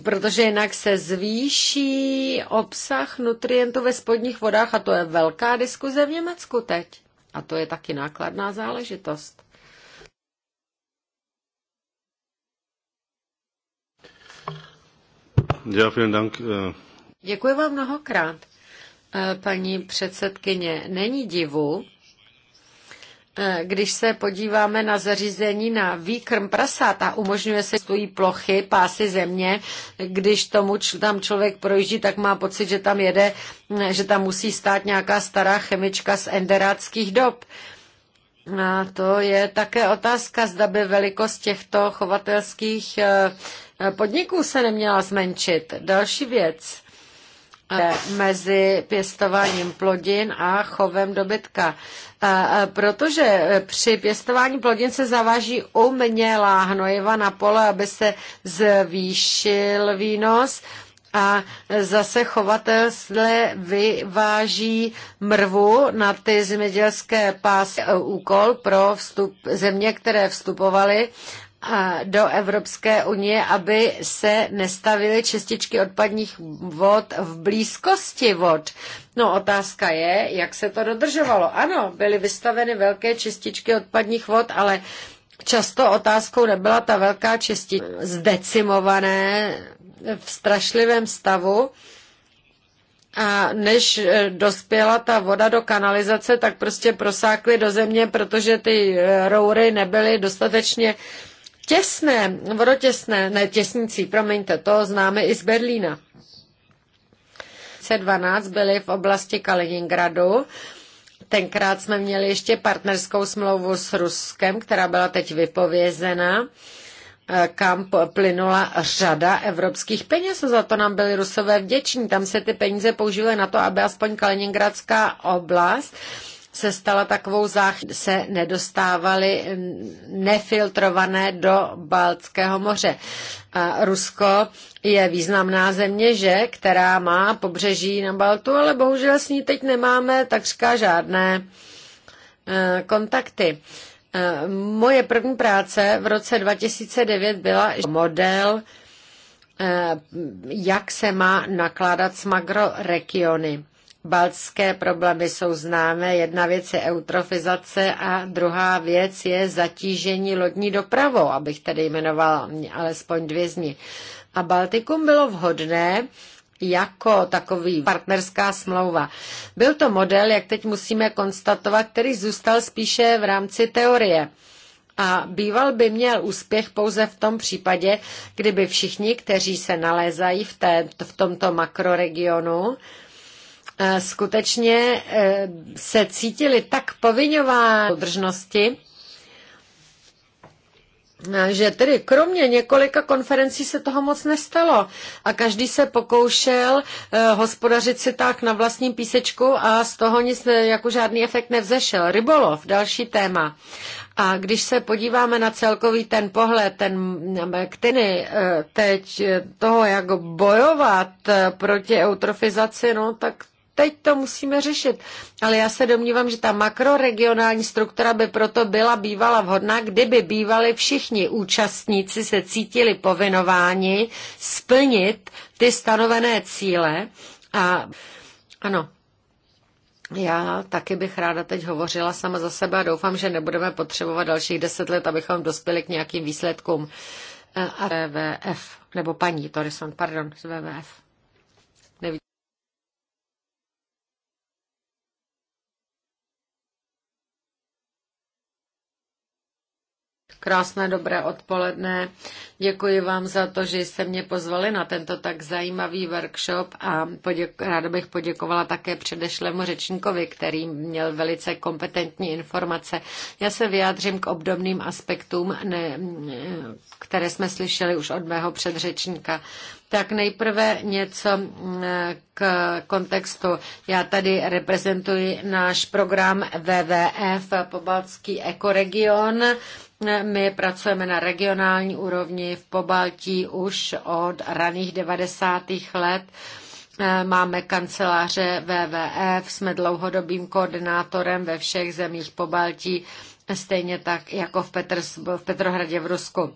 protože jinak se zvýší obsah nutrientů ve spodních vodách a to je velká diskuze v Německu teď. A to je taky nákladná záležitost. Ja, Dank. Eh. Děkuji vám mnohokrát. Eh, paní předsedkyně, není divu, E, když se podíváme na zařízení na výkrm prasát a umožňuje se stojí plochy, pásy země, když tomu tam člověk projíždí, tak má pocit, že tam jede, že tam musí stát nějaká stará chemička z enderáckých dob. A to je také otázka, zda by velikost těchto chovatelských e, podniků se neměla zmenšit. Další věc mezi pěstováním plodin a chovem dobytka. Protože při pěstování plodin se zaváží umělá hnojiva na pole, aby se zvýšil výnos a zase chovatel vyváží mrvu na ty zemědělské pásy úkol pro vstup, země, které vstupovaly do Evropské unie, aby se nestavily čističky odpadních vod v blízkosti vod. No otázka je, jak se to dodržovalo. Ano, byly vystaveny velké čističky odpadních vod, ale často otázkou nebyla ta velká čistička zdecimované v strašlivém stavu. A než eh, dospěla ta voda do kanalizace, tak prostě prosákly do země, protože ty eh, roury nebyly dostatečně uh, těsné, vodotěsné, ne těsnicí, promiňte, to známe i z Berlína. 12 byly v oblasti Kaliningradu. Tenkrát jsme měli ještě partnerskou smlouvu s Ruskem, která byla teď vypovězena eh, kam plynula řada evropských peněz. a Za to nám byli rusové vděční. Tam se ty peníze používaly na to, aby aspoň Kaliningradská oblast se stala takovou záchytou, se nedostávaly mm, nefiltrované do Baltského moře. A Rusko je významná země, že, která má pobřeží na Baltu, ale bohužel s ní teď nemáme takřka žádné e, kontakty. E, moje první práce v roce 2009 byla model, e, jak se má nakládat s makroregiony baltské problémy jsou známé. Jedna věc je eutrofizace a druhá věc je zatížení lodní dopravou, abych tady jmenoval, alespoň dvě z nich. A Baltikum bylo vhodné, jako takový partnerská smlouva. Byl to model, jak teď musíme konstatovat, který zůstal spíše v rámci teorie. A býval by měl úspěch pouze v tom případě, kdyby všichni, kteří se nalézají v, té, v tomto makroregionu, Eh, skutečně eh, se cítili tak povinováni držnosti, eh, že tedy kromě několika konferencí se toho moc nestalo a každý se pokoušel hospodařit si tak na vlastním písečku a z toho nic ne, jako žádný efekt nevzešel. Rybolov, další téma. A když se podíváme na celkový ten pohled, ten který teď toho, jak bojovat proti eutrofizaci, no tak teď to musíme řešit. Ale já se domnívám, že ta makroregionální struktura by proto byla bývala vhodná, kdyby bývali všichni účastníci se cítili povinováni splnit ty stanovené cíle. A ano, já taky bych ráda teď hovořila sama za sebe a doufám, že nebudeme potřebovat dalších deset let, abychom dospěli k nějakým výsledkům. Eh, a VVF, nebo paní Torison, pardon, z VVF. Nevidím. Krásné dobré odpoledne. Děkuji vám za to, že jste mě pozvali na tento tak zajímavý workshop a poděk- ráda bych poděkovala také předešlému řečníkovi, který měl velice kompetentní informace. Já se vyjádřím k obdobným aspektům, ne, které jsme slyšeli už od mého předřečníka. Tak nejprve něco mm, k kontextu. Já tady reprezentuji náš program WWF Pobaltský ekoregion. My pracujeme na regionální úrovni v Pobaltí už od raných 90. let. Máme kanceláře WWF, jsme dlouhodobým koordinátorem ve všech zemích Pobaltí, stejně tak jako v, Petrs, v Petrohradě v Rusku.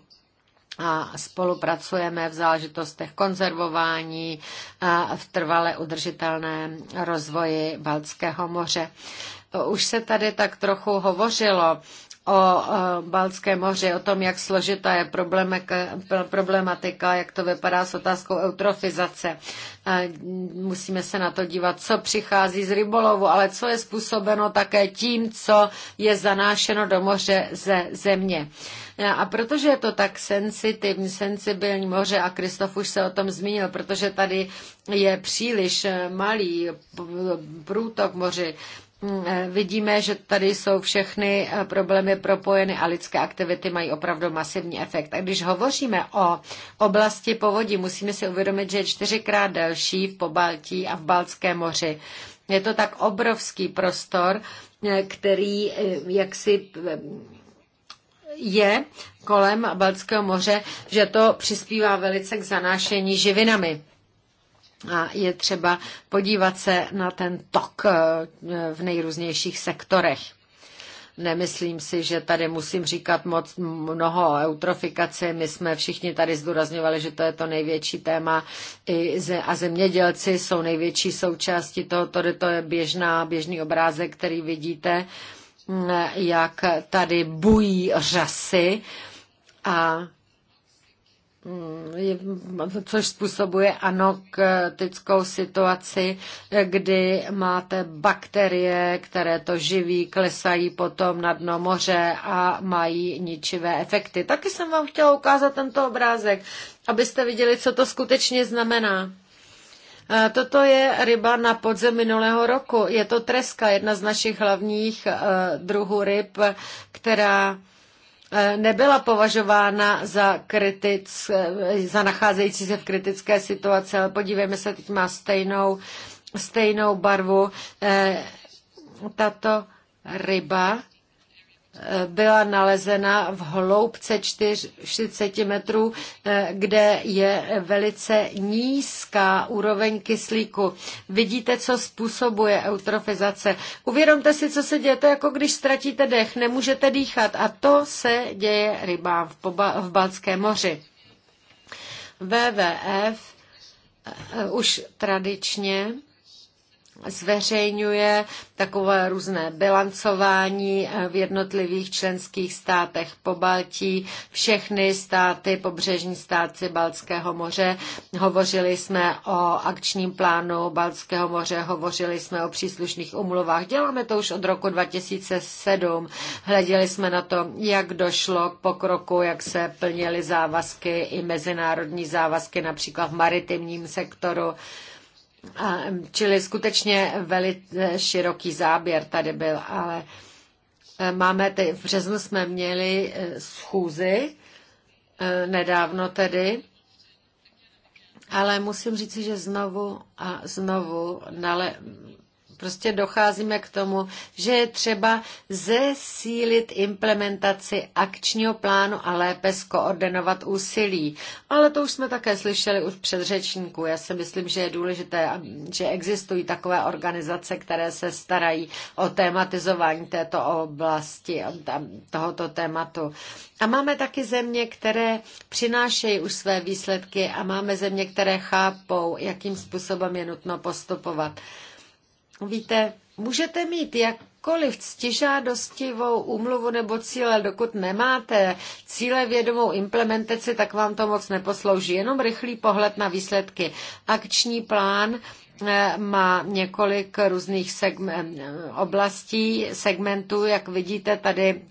A spolupracujeme v záležitostech konzervování a v trvale udržitelném rozvoji Baltského moře. Už se tady tak trochu hovořilo o Baltském moři, o tom, jak složitá je problematika, jak to vypadá s otázkou eutrofizace. Musíme se na to dívat, co přichází z rybolovu, ale co je způsobeno také tím, co je zanášeno do moře ze země. A protože je to tak sensitivní, sensibilní moře, a Kristof už se o tom zmínil, protože tady je příliš malý průtok moři, Eh, vidíme, že tady jsou všechny eh, problémy propojeny a lidské aktivity mají opravdu masivní efekt. A když hovoříme o oblasti povodí, musíme si uvědomit, že je čtyřikrát delší v Pobaltí a v Baltském moři. Je to tak obrovský prostor, eh, který jaksi je kolem Baltského moře, že to přispívá velice k zanášení živinami a je třeba podívat se na ten tok eh, v nejrůznějších sektorech. Nemyslím si, že tady musím říkat moc mnoho o eutrofikaci. My jsme všichni tady zdůrazňovali, že to je to největší téma a zemědělci jsou největší součástí toho. To je běžná, běžný obrázek, který vidíte, mm, jak tady bují řasy a což způsobuje anoktickou situaci, kdy máte bakterie, které to živí, klesají potom na dno moře a mají ničivé efekty. Taky jsem vám chtěla ukázat tento obrázek, abyste viděli, co to skutečně znamená. E, toto je ryba na podzem minulého roku. Je to treska, jedna z našich hlavních e, druhů ryb, která E, nebyla považována za, kritic, e, za nacházející se v kritické situaci, ale podívejme se, teď má stejnou, stejnou barvu. E, tato ryba byla nalezena v hloubce 40 metrů, eh, kde je velice nízká úroveň kyslíku. Vidíte, co způsobuje eutrofizace. Uvědomte si, co se děje. To jako když ztratíte dech, nemůžete dýchat. A to se děje rybám v, Poba- v Balckém moři. WWF eh, už tradičně zveřejňuje takové různé bilancování v jednotlivých členských státech po Baltí. Všechny státy, pobřežní státy Baltského moře. Hovořili jsme o akčním plánu Baltského moře, hovořili jsme o příslušných umluvách. Děláme to už od roku 2007. Hleděli jsme na to, jak došlo k pokroku, jak se plněly závazky i mezinárodní závazky, například v maritimním sektoru. Čili skutečně velice eh, široký záběr tady byl, ale eh, máme teď, v březnu jsme měli eh, schůzi, nedávno tedy, ale musím říct, že znovu a znovu nale, prostě docházíme k tomu, že je třeba zesílit implementaci akčního plánu a lépe skoordinovat úsilí. Ale to už jsme také slyšeli už předřečníků. Já si myslím, že je důležité, že existují takové organizace, které se starají o tematizování této oblasti, tohoto tématu. A máme taky země, které přinášejí už své výsledky a máme země, které chápou, jakým způsobem je nutno postupovat. Víte, můžete mít jakkoliv ctižádostivou úmluvu nebo cíle, dokud nemáte cíle vědomou implementaci, tak vám to moc neposlouží. Jenom rychlý pohled na výsledky. Akční plán eh, má několik různých segment, eh, oblastí, segmentů, jak vidíte tady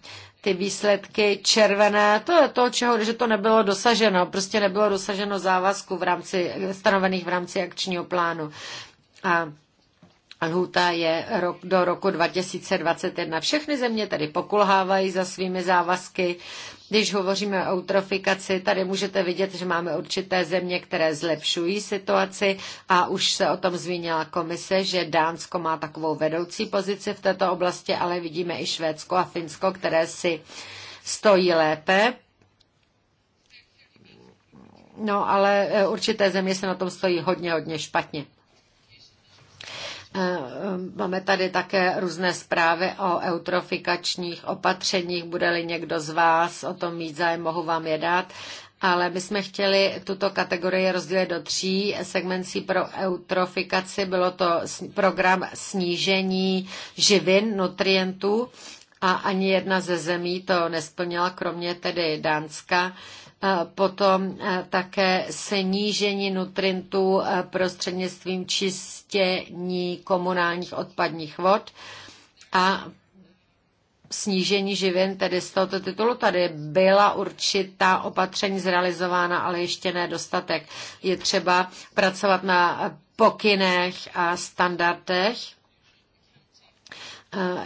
ty výsledky červené, to je to, čeho, že to nebylo dosaženo, prostě nebylo dosaženo závazku v rámci, stanovených v rámci akčního plánu. A Lhůta je rok, do roku 2021. Všechny země tady pokulhávají za svými závazky. Když hovoříme o eutrofikaci, tady můžete vidět, že máme určité země, které zlepšují situaci a už se o tom zmínila komise, že Dánsko má takovou vedoucí pozici v této oblasti, ale vidíme i Švédsko a Finsko, které si stojí lépe. No ale eh, určité země se na tom stojí hodně, hodně špatně. Eh, eh, máme tady také různé zprávy o eutrofikačních opatřeních. Bude-li někdo z vás o tom mít zájem, mohu vám je dát. Ale my jsme chtěli tuto kategorii rozdělit do tří segmencí pro eutrofikaci. Bylo to program snížení živin, nutrientů a ani jedna ze zemí to nesplnila, kromě tedy Dánska potom e, také snížení nutrintů e, prostřednictvím čistění komunálních odpadních vod a snížení živin, tedy z tohoto titulu tady byla určitá opatření zrealizována, ale ještě nedostatek. Je třeba pracovat na pokynech a standardech. E,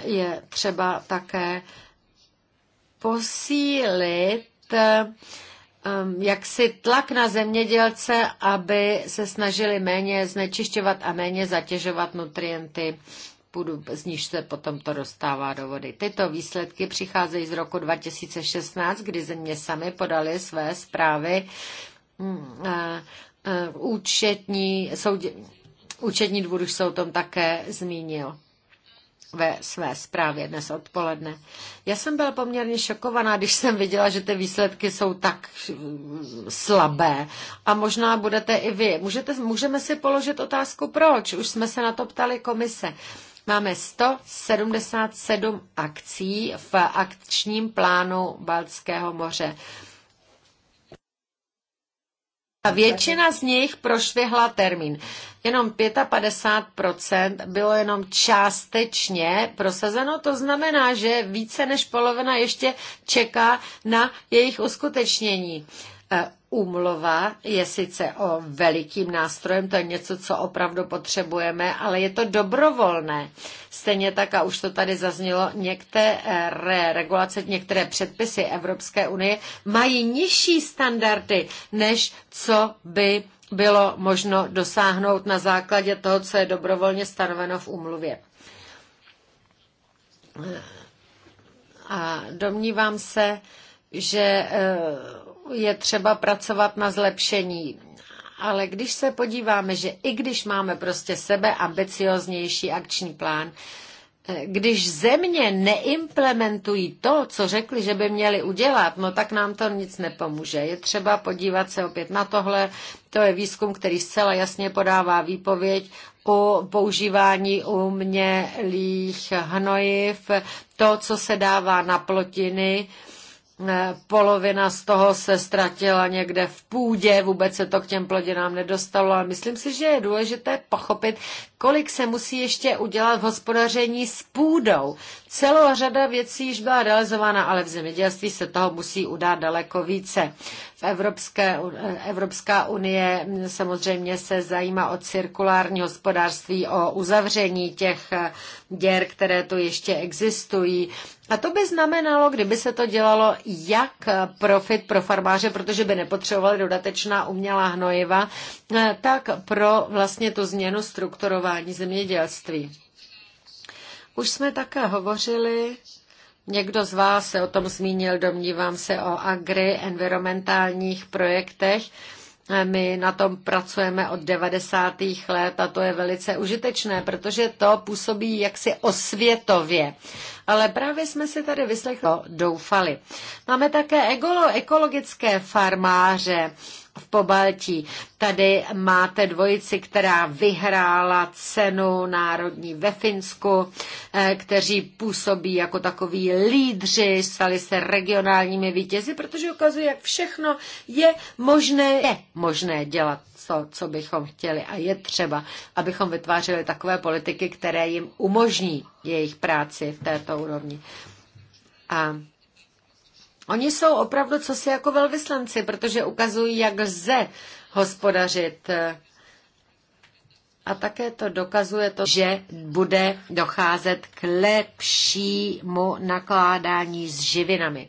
je třeba také posílit Ehm, jaksi tlak na zemědělce, aby se snažili méně znečišťovat a méně zatěžovat nutrienty půdu, z níž se potom to dostává do vody. Tyto výsledky přicházejí z roku 2016, kdy země sami podali své zprávy hmm, účetní, soudě, účetní dvůr už se o tom také zmínil ve své zprávě dnes odpoledne. Já jsem byla poměrně šokovaná, když jsem viděla, že ty výsledky jsou tak mm, slabé a možná budete i vy. Můžete, můžeme si položit otázku, proč? Už jsme se na to ptali komise. Máme 177 akcí v akčním plánu Baltského moře. A většina z nich prošvihla termín. Jenom 55% bylo jenom částečně prosazeno, to znamená, že více než polovina ještě čeká na jejich uskutečnění. Eh, Úmluva je sice o velikým nástrojem, to je něco, co opravdu potřebujeme, ale je to dobrovolné. Stejně tak, a už to tady zaznělo, některé regulace, některé předpisy Evropské unie mají nižší standardy, než co by bylo možno dosáhnout na základě toho, co je dobrovolně stanoveno v úmluvě. A domnívám se, že eh, je třeba pracovat na zlepšení. Ale když se podíváme, že i když máme prostě sebe ambicioznější akční plán, když země neimplementují to, co řekli, že by měli udělat, no tak nám to nic nepomůže. Je třeba podívat se opět na tohle. To je výzkum, který zcela jasně podává výpověď o používání umělých hnojiv, to, co se dává na plotiny, polovina z toho se ztratila někde v půdě, vůbec se to k těm plodinám nedostalo, ale myslím si, že je důležité pochopit, kolik se musí ještě udělat v hospodaření s půdou. Celá řada věcí již byla realizována, ale v zemědělství se toho musí udát daleko více. V Evropské, Evropská unie samozřejmě se zajímá o cirkulární hospodářství, o uzavření těch děr, které tu ještě existují, a to by znamenalo, kdyby se to dělalo jak profit pro farmáře, protože by nepotřebovali dodatečná umělá hnojiva, eh, tak pro vlastně tu změnu strukturování zemědělství. Už jsme také hovořili, někdo z vás se o tom zmínil, domnívám se, o agri environmentálních projektech. Eh, my na tom pracujeme od 90. let a to je velice užitečné, protože to působí jaksi osvětově ale právě jsme si tady vyslechli, doufali. Máme také ekologické farmáře, v Pobaltí. Tady máte dvojici, která vyhrála cenu národní ve Finsku, eh, kteří působí jako takoví lídři, stali se regionálními vítězi, protože ukazují, jak všechno je možné, je možné dělat to, co bychom chtěli. A je třeba, abychom vytvářeli takové politiky, které jim umožní jejich práci v této úrovni. A Oni jsou opravdu co si jako velvyslanci, protože ukazují, jak lze hospodařit. A také to dokazuje to, že bude docházet k lepšímu nakládání s živinami.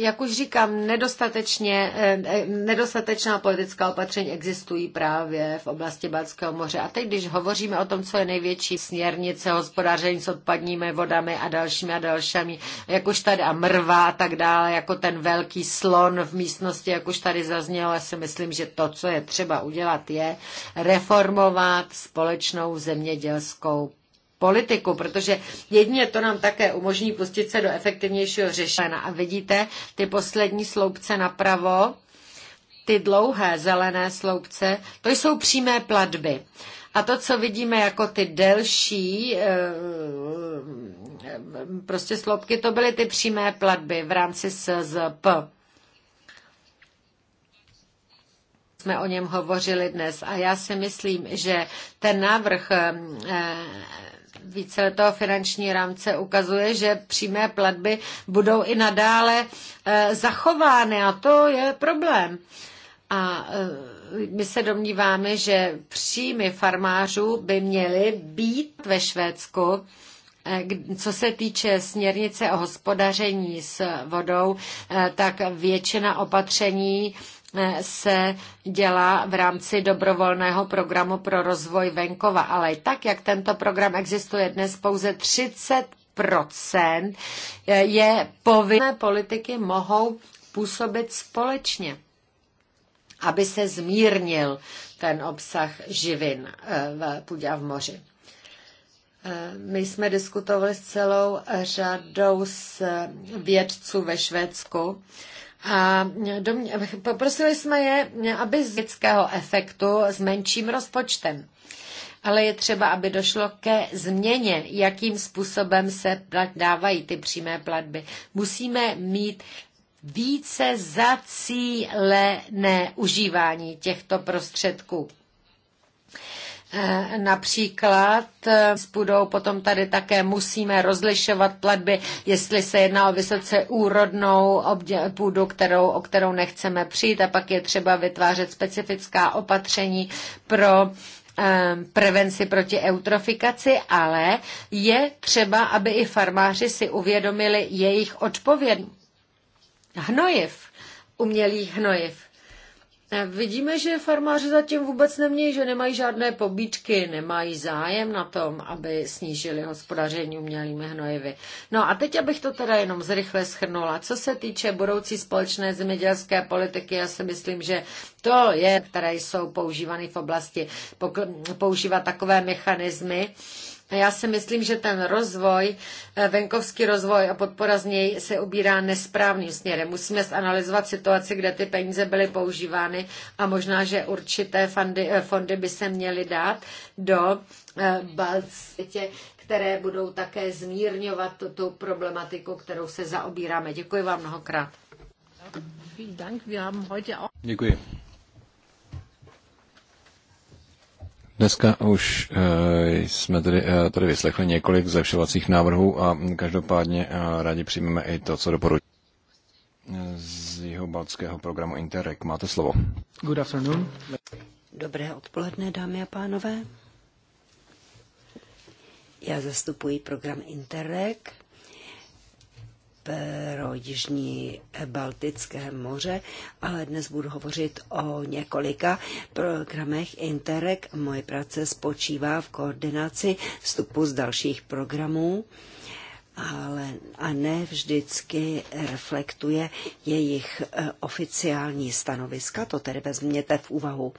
Jak už říkám, nedostatečně, eh, eh, nedostatečná politická opatření existují právě v oblasti Balckého moře. A teď, když hovoříme o tom, co je největší směrnice hospodaření s odpadními vodami a dalšími a dalšími, jak už tady a mrva a tak dále, jako ten velký slon v místnosti, jak už tady zaznělo, já si myslím, že to, co je třeba udělat, je reformovat společnou zemědělskou politiku, protože jedině to nám také umožní pustit se do efektivnějšího řešení. A vidíte ty poslední sloupce napravo, ty dlouhé zelené sloupce, to jsou přímé platby. A to, co vidíme jako ty delší eh, eh, prostě sloupky, to byly ty přímé platby v rámci SZP. jsme o něm hovořili dnes. A já si myslím, že ten návrh eh, víceletého finanční rámce ukazuje, že přímé platby budou i nadále eh, zachovány a to je problém. A eh, my se domníváme, že příjmy farmářů by měly být ve Švédsku eh, co se týče směrnice o hospodaření s vodou, tak většina opatření se dělá v rámci dobrovolného programu pro rozvoj venkova, ale tak, jak tento program existuje dnes, pouze 30 je povinné politiky mohou působit společně, aby se zmírnil ten obsah živin eh, v půdě a v moři. Eh, my jsme diskutovali s celou řadou z eh, vědců ve Švédsku, a poprosili jsme je, aby z dětského efektu s menším rozpočtem. Ale je třeba, aby došlo ke změně, jakým způsobem se dávají ty přímé platby. Musíme mít více zacílené užívání těchto prostředků. Eh, například eh, budou potom tady také musíme rozlišovat platby, jestli se jedná o vysoce úrodnou půdu, kterou, o kterou nechceme přijít a pak je třeba vytvářet specifická opatření pro eh, prevenci proti eutrofikaci, ale je třeba, aby i farmáři si uvědomili jejich odpovědnost. Hnojiv, umělý hnojiv Vidíme, že farmáři zatím vůbec nemějí, že nemají žádné pobíčky, nemají zájem na tom, aby snížili hospodaření umělými hnojivy. No a teď, abych to teda jenom zrychle schrnula. Co se týče budoucí společné zemědělské politiky, já si myslím, že to je, které jsou používané v oblasti, používat takové mechanismy, já si myslím, že ten rozvoj, eh, venkovský rozvoj a podpora z něj se ubírá nesprávným směrem. Musíme zanalizovat situaci, kde ty peníze byly používány a možná, že určité fondy, eh, fondy by se měly dát do eh, balcitě, které budou také zmírňovat tu problematiku, kterou se zaobíráme. Děkuji vám mnohokrát. Děkuji. Dneska už eh, jsme tady eh, tady vyslechli několik zlepšovacích návrhů a každopádně eh, rádi přijmeme i to, co doporučí z jeho baltského programu Interreg. Máte slovo. Good afternoon. Dobré odpoledne, dámy a pánové. Já zastupuji program Interreg pro Jižní Baltické moře, ale dnes budu hovořit o několika programech Interreg. Moje práce spočívá v koordinaci vstupu z dalších programů ale a ne vždycky reflektuje jejich eh, oficiální stanoviska, to tedy vezměte v úvahu.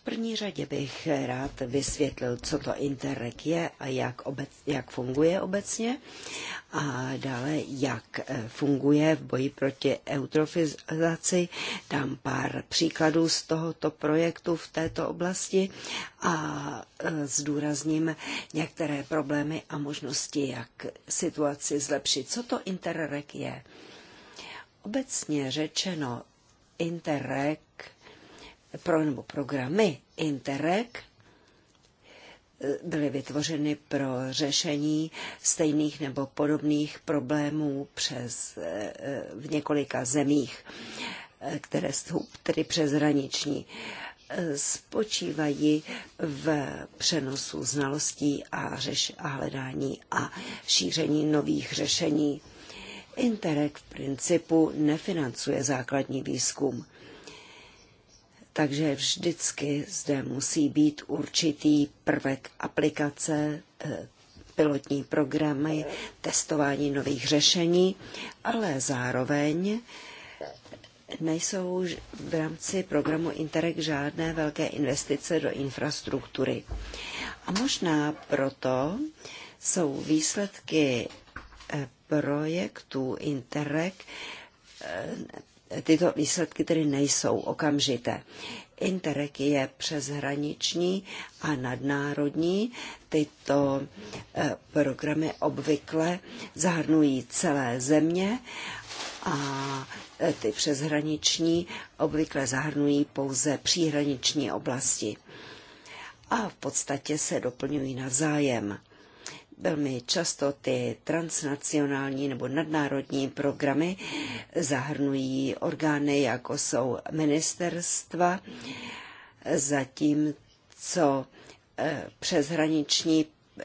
V první řadě bych rád vysvětlil, co to Interreg je a jak, obec, jak funguje obecně a dále, jak eh, funguje v boji proti eutrofizaci. Dám pár příkladů z tohoto projektu v této oblasti a eh, zdůrazním některé problémy a možnosti, jak situaci zlepšit. Co to Interreg je? Obecně řečeno, Interreg pro, nebo programy Interreg byly vytvořeny pro řešení stejných nebo podobných problémů přes, eh, v několika zemích, eh, které jsou tedy přeshraniční eh, spočívají v přenosu znalostí a, řeš- a hledání a šíření nových řešení. Interreg v principu nefinancuje základní výzkum. Takže vždycky zde musí být určitý prvek aplikace, eh, pilotní programy, testování nových řešení, ale zároveň nejsou v rámci programu Interreg žádné velké investice do infrastruktury. A možná proto jsou výsledky eh, projektů Interreg eh, tyto výsledky tedy nejsou okamžité. Interreg je přeshraniční a nadnárodní. Tyto eh, programy obvykle zahrnují celé země a eh, ty přeshraniční obvykle zahrnují pouze příhraniční oblasti. A v podstatě se doplňují navzájem. Velmi často ty transnacionální nebo nadnárodní programy zahrnují orgány, jako jsou ministerstva, zatímco eh, přeshraniční eh,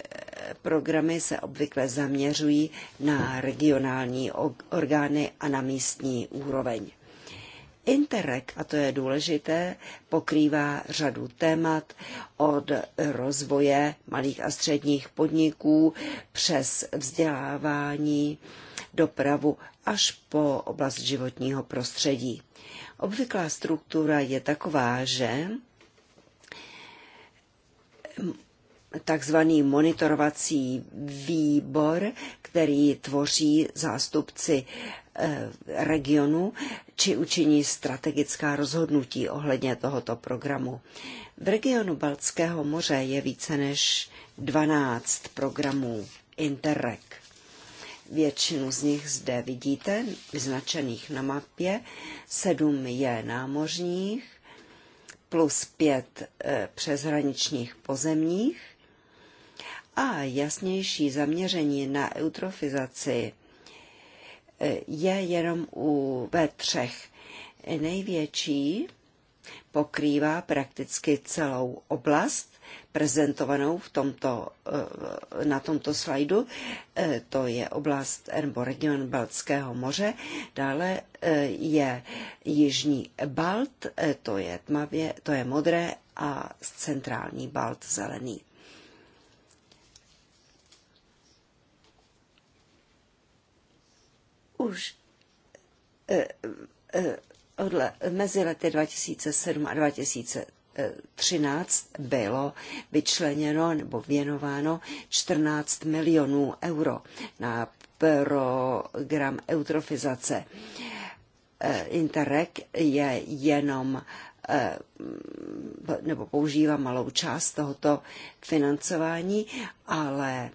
programy se obvykle zaměřují na regionální orgány a na místní úroveň. Interreg, a to je důležité, pokrývá řadu témat od rozvoje malých a středních podniků přes vzdělávání, dopravu až po oblast životního prostředí. Obvyklá struktura je taková, že takzvaný monitorovací výbor, který tvoří zástupci Eh, regionu či učiní strategická rozhodnutí ohledně tohoto programu. V regionu Baltského moře je více než 12 programů Interreg. Většinu z nich zde vidíte, vyznačených na mapě. Sedm je námořních, plus pět eh, přeshraničních pozemních a jasnější zaměření na eutrofizaci je jenom u, ve třech. Největší pokrývá prakticky celou oblast prezentovanou v tomto, eh, na tomto slajdu. Eh, to je oblast nebo region Baltského moře. Dále eh, je Jižní Balt, to je tmavě, to je modré a centrální Balt zelený. už eh, eh, od mezi lety 2007 a 2013 bylo vyčleněno nebo věnováno 14 milionů euro na program eutrofizace. Eh, Interreg je jenom nebo používá malou část tohoto financování, ale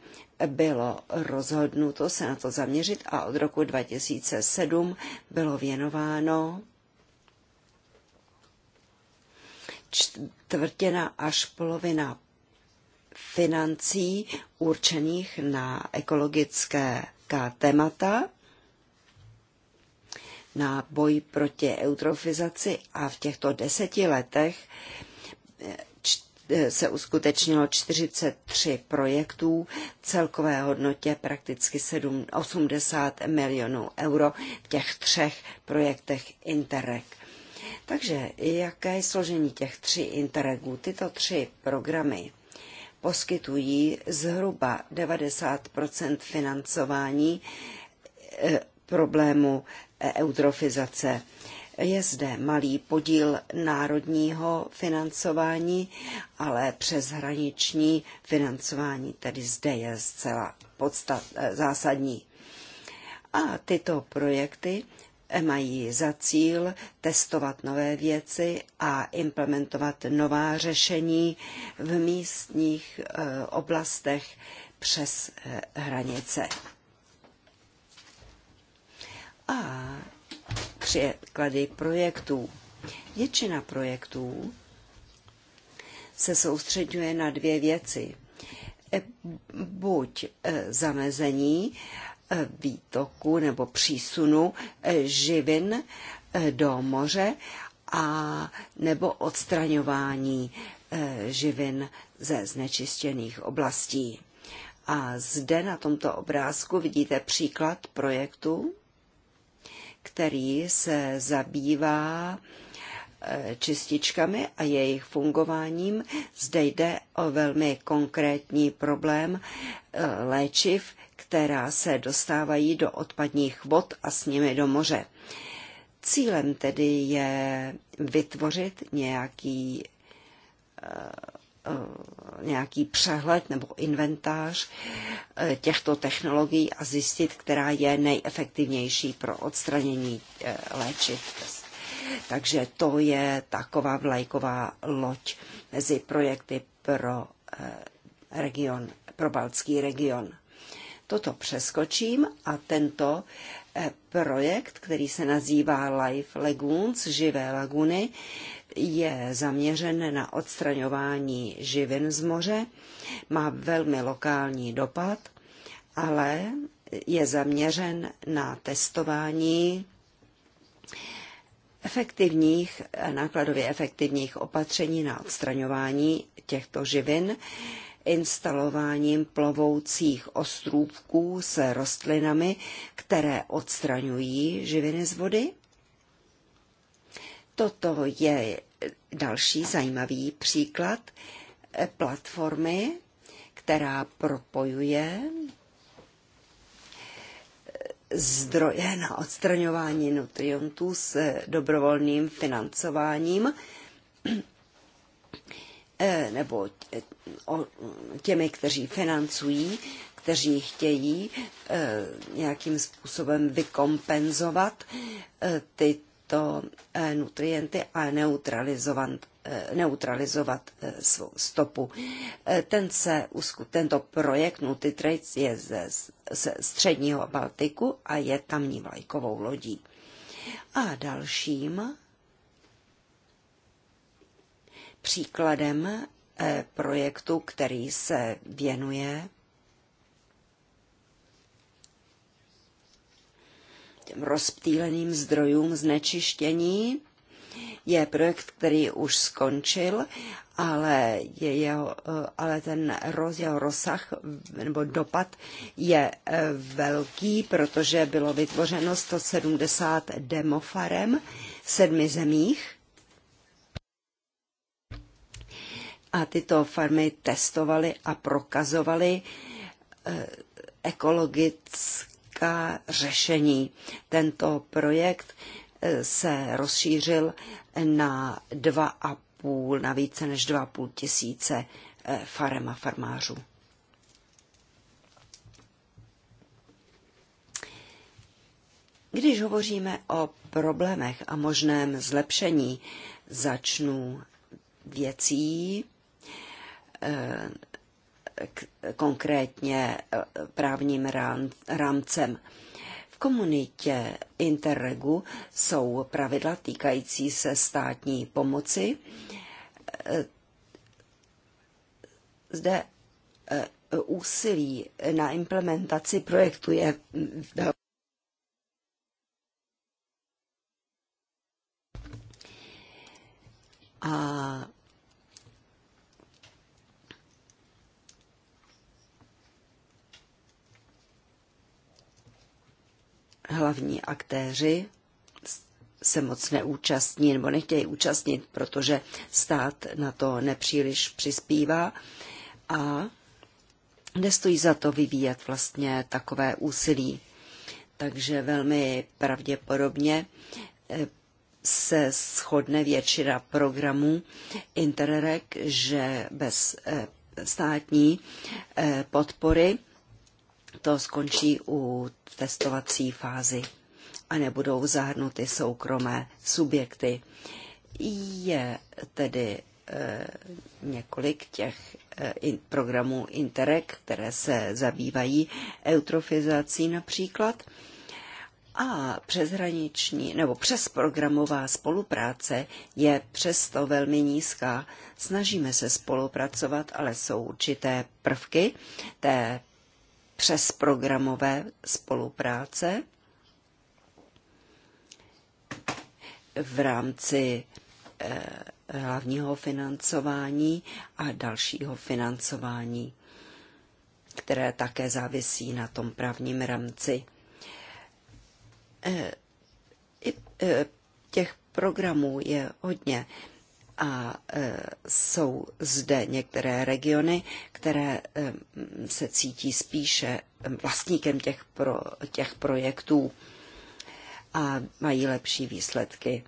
bylo rozhodnuto se na to zaměřit a od roku 2007 bylo věnováno čtvrtina až polovina financí určených na ekologické témata, na boj proti eutrofizaci a v těchto deseti letech se uskutečnilo 43 projektů celkové hodnotě prakticky 7, 80 milionů euro v těch třech projektech Interreg. Takže jaké je složení těch tří Interregů? Tyto tři programy poskytují zhruba 90 financování eh, problému eh, eutrofizace. Je zde malý podíl národního financování, ale přeshraniční financování tedy zde je zcela podstat, eh, zásadní. A tyto projekty mají za cíl testovat nové věci a implementovat nová řešení v místních eh, oblastech přes eh, hranice. A příklady projektů. Většina projektů se soustředňuje na dvě věci. E, buď e, zamezení e, výtoku nebo přísunu živin do moře, a nebo odstraňování živin ze znečištěných oblastí. A zde na tomto obrázku vidíte příklad projektu, který se zabývá eh, čističkami a jejich fungováním. Zde jde o velmi konkrétní problém eh, léčiv, která se dostávají do odpadních vod a s nimi do moře. Cílem tedy je vytvořit nějaký eh, Eh, nějaký přehled nebo inventář eh, těchto technologií a zjistit, která je nejefektivnější pro odstranění eh, léčiv. Takže to je taková vlajková loď mezi projekty pro region, pro baltský region. Toto přeskočím a tento projekt, který se nazývá Life Lagoons, živé laguny, je zaměřen na odstraňování živin z moře, má velmi lokální dopad, ale je zaměřen na testování efektivních, nákladově efektivních opatření na odstraňování těchto živin, instalováním plovoucích ostrůvků se rostlinami, které odstraňují živiny z vody Toto je další zajímavý příklad eh, platformy, která propojuje eh, zdroje na odstraňování nutrientů s eh, dobrovolným financováním nebo těmi, kteří financují, kteří chtějí nějakým způsobem vykompenzovat ty tyto eh, nutrienty a neutralizovat, eh, neutralizovat eh, svou stopu. Ten se, tento projekt NutriTrace je ze, ze středního Baltiku a je tamní vlajkovou lodí. A dalším příkladem projektu, který se věnuje těm rozptýleným zdrojům znečištění. Je projekt, který už skončil, ale, je jeho, eh, ale ten roz, jeho rozsah nebo dopad je eh, velký, protože bylo vytvořeno 170 demofarem v sedmi zemích. A tyto farmy testovaly a prokazovaly eh, ekologické technická řešení. Tento projekt eh, se rozšířil na dva a půl, na více než dva půl tisíce eh, farem a farmářů. Když hovoříme o problémech a možném zlepšení, začnu věcí, eh, konkrétně e, právním rámcem. V komunitě Interregu jsou pravidla týkající se státní pomoci. E, zde e, úsilí na implementaci projektu je a hlavní aktéři se moc neúčastní nebo nechtějí účastnit, protože stát na to nepříliš přispívá a nestojí za to vyvíjet vlastně takové úsilí. Takže velmi pravděpodobně eh, se shodne většina programů Interreg, že bez eh, státní eh, podpory to skončí u testovací fázy a nebudou zahrnuty soukromé subjekty. Je tedy e, několik těch e, in, programů Interreg, které se zabývají eutrofizací například. A přeshraniční nebo přesprogramová spolupráce je přesto velmi nízká. Snažíme se spolupracovat, ale jsou určité prvky té přes programové spolupráce v rámci eh, hlavního financování a dalšího financování, které také závisí na tom právním rámci. Eh, eh, těch programů je hodně a e, jsou zde některé regiony, které e, se cítí spíše e, vlastníkem těch, pro, těch projektů a mají lepší výsledky.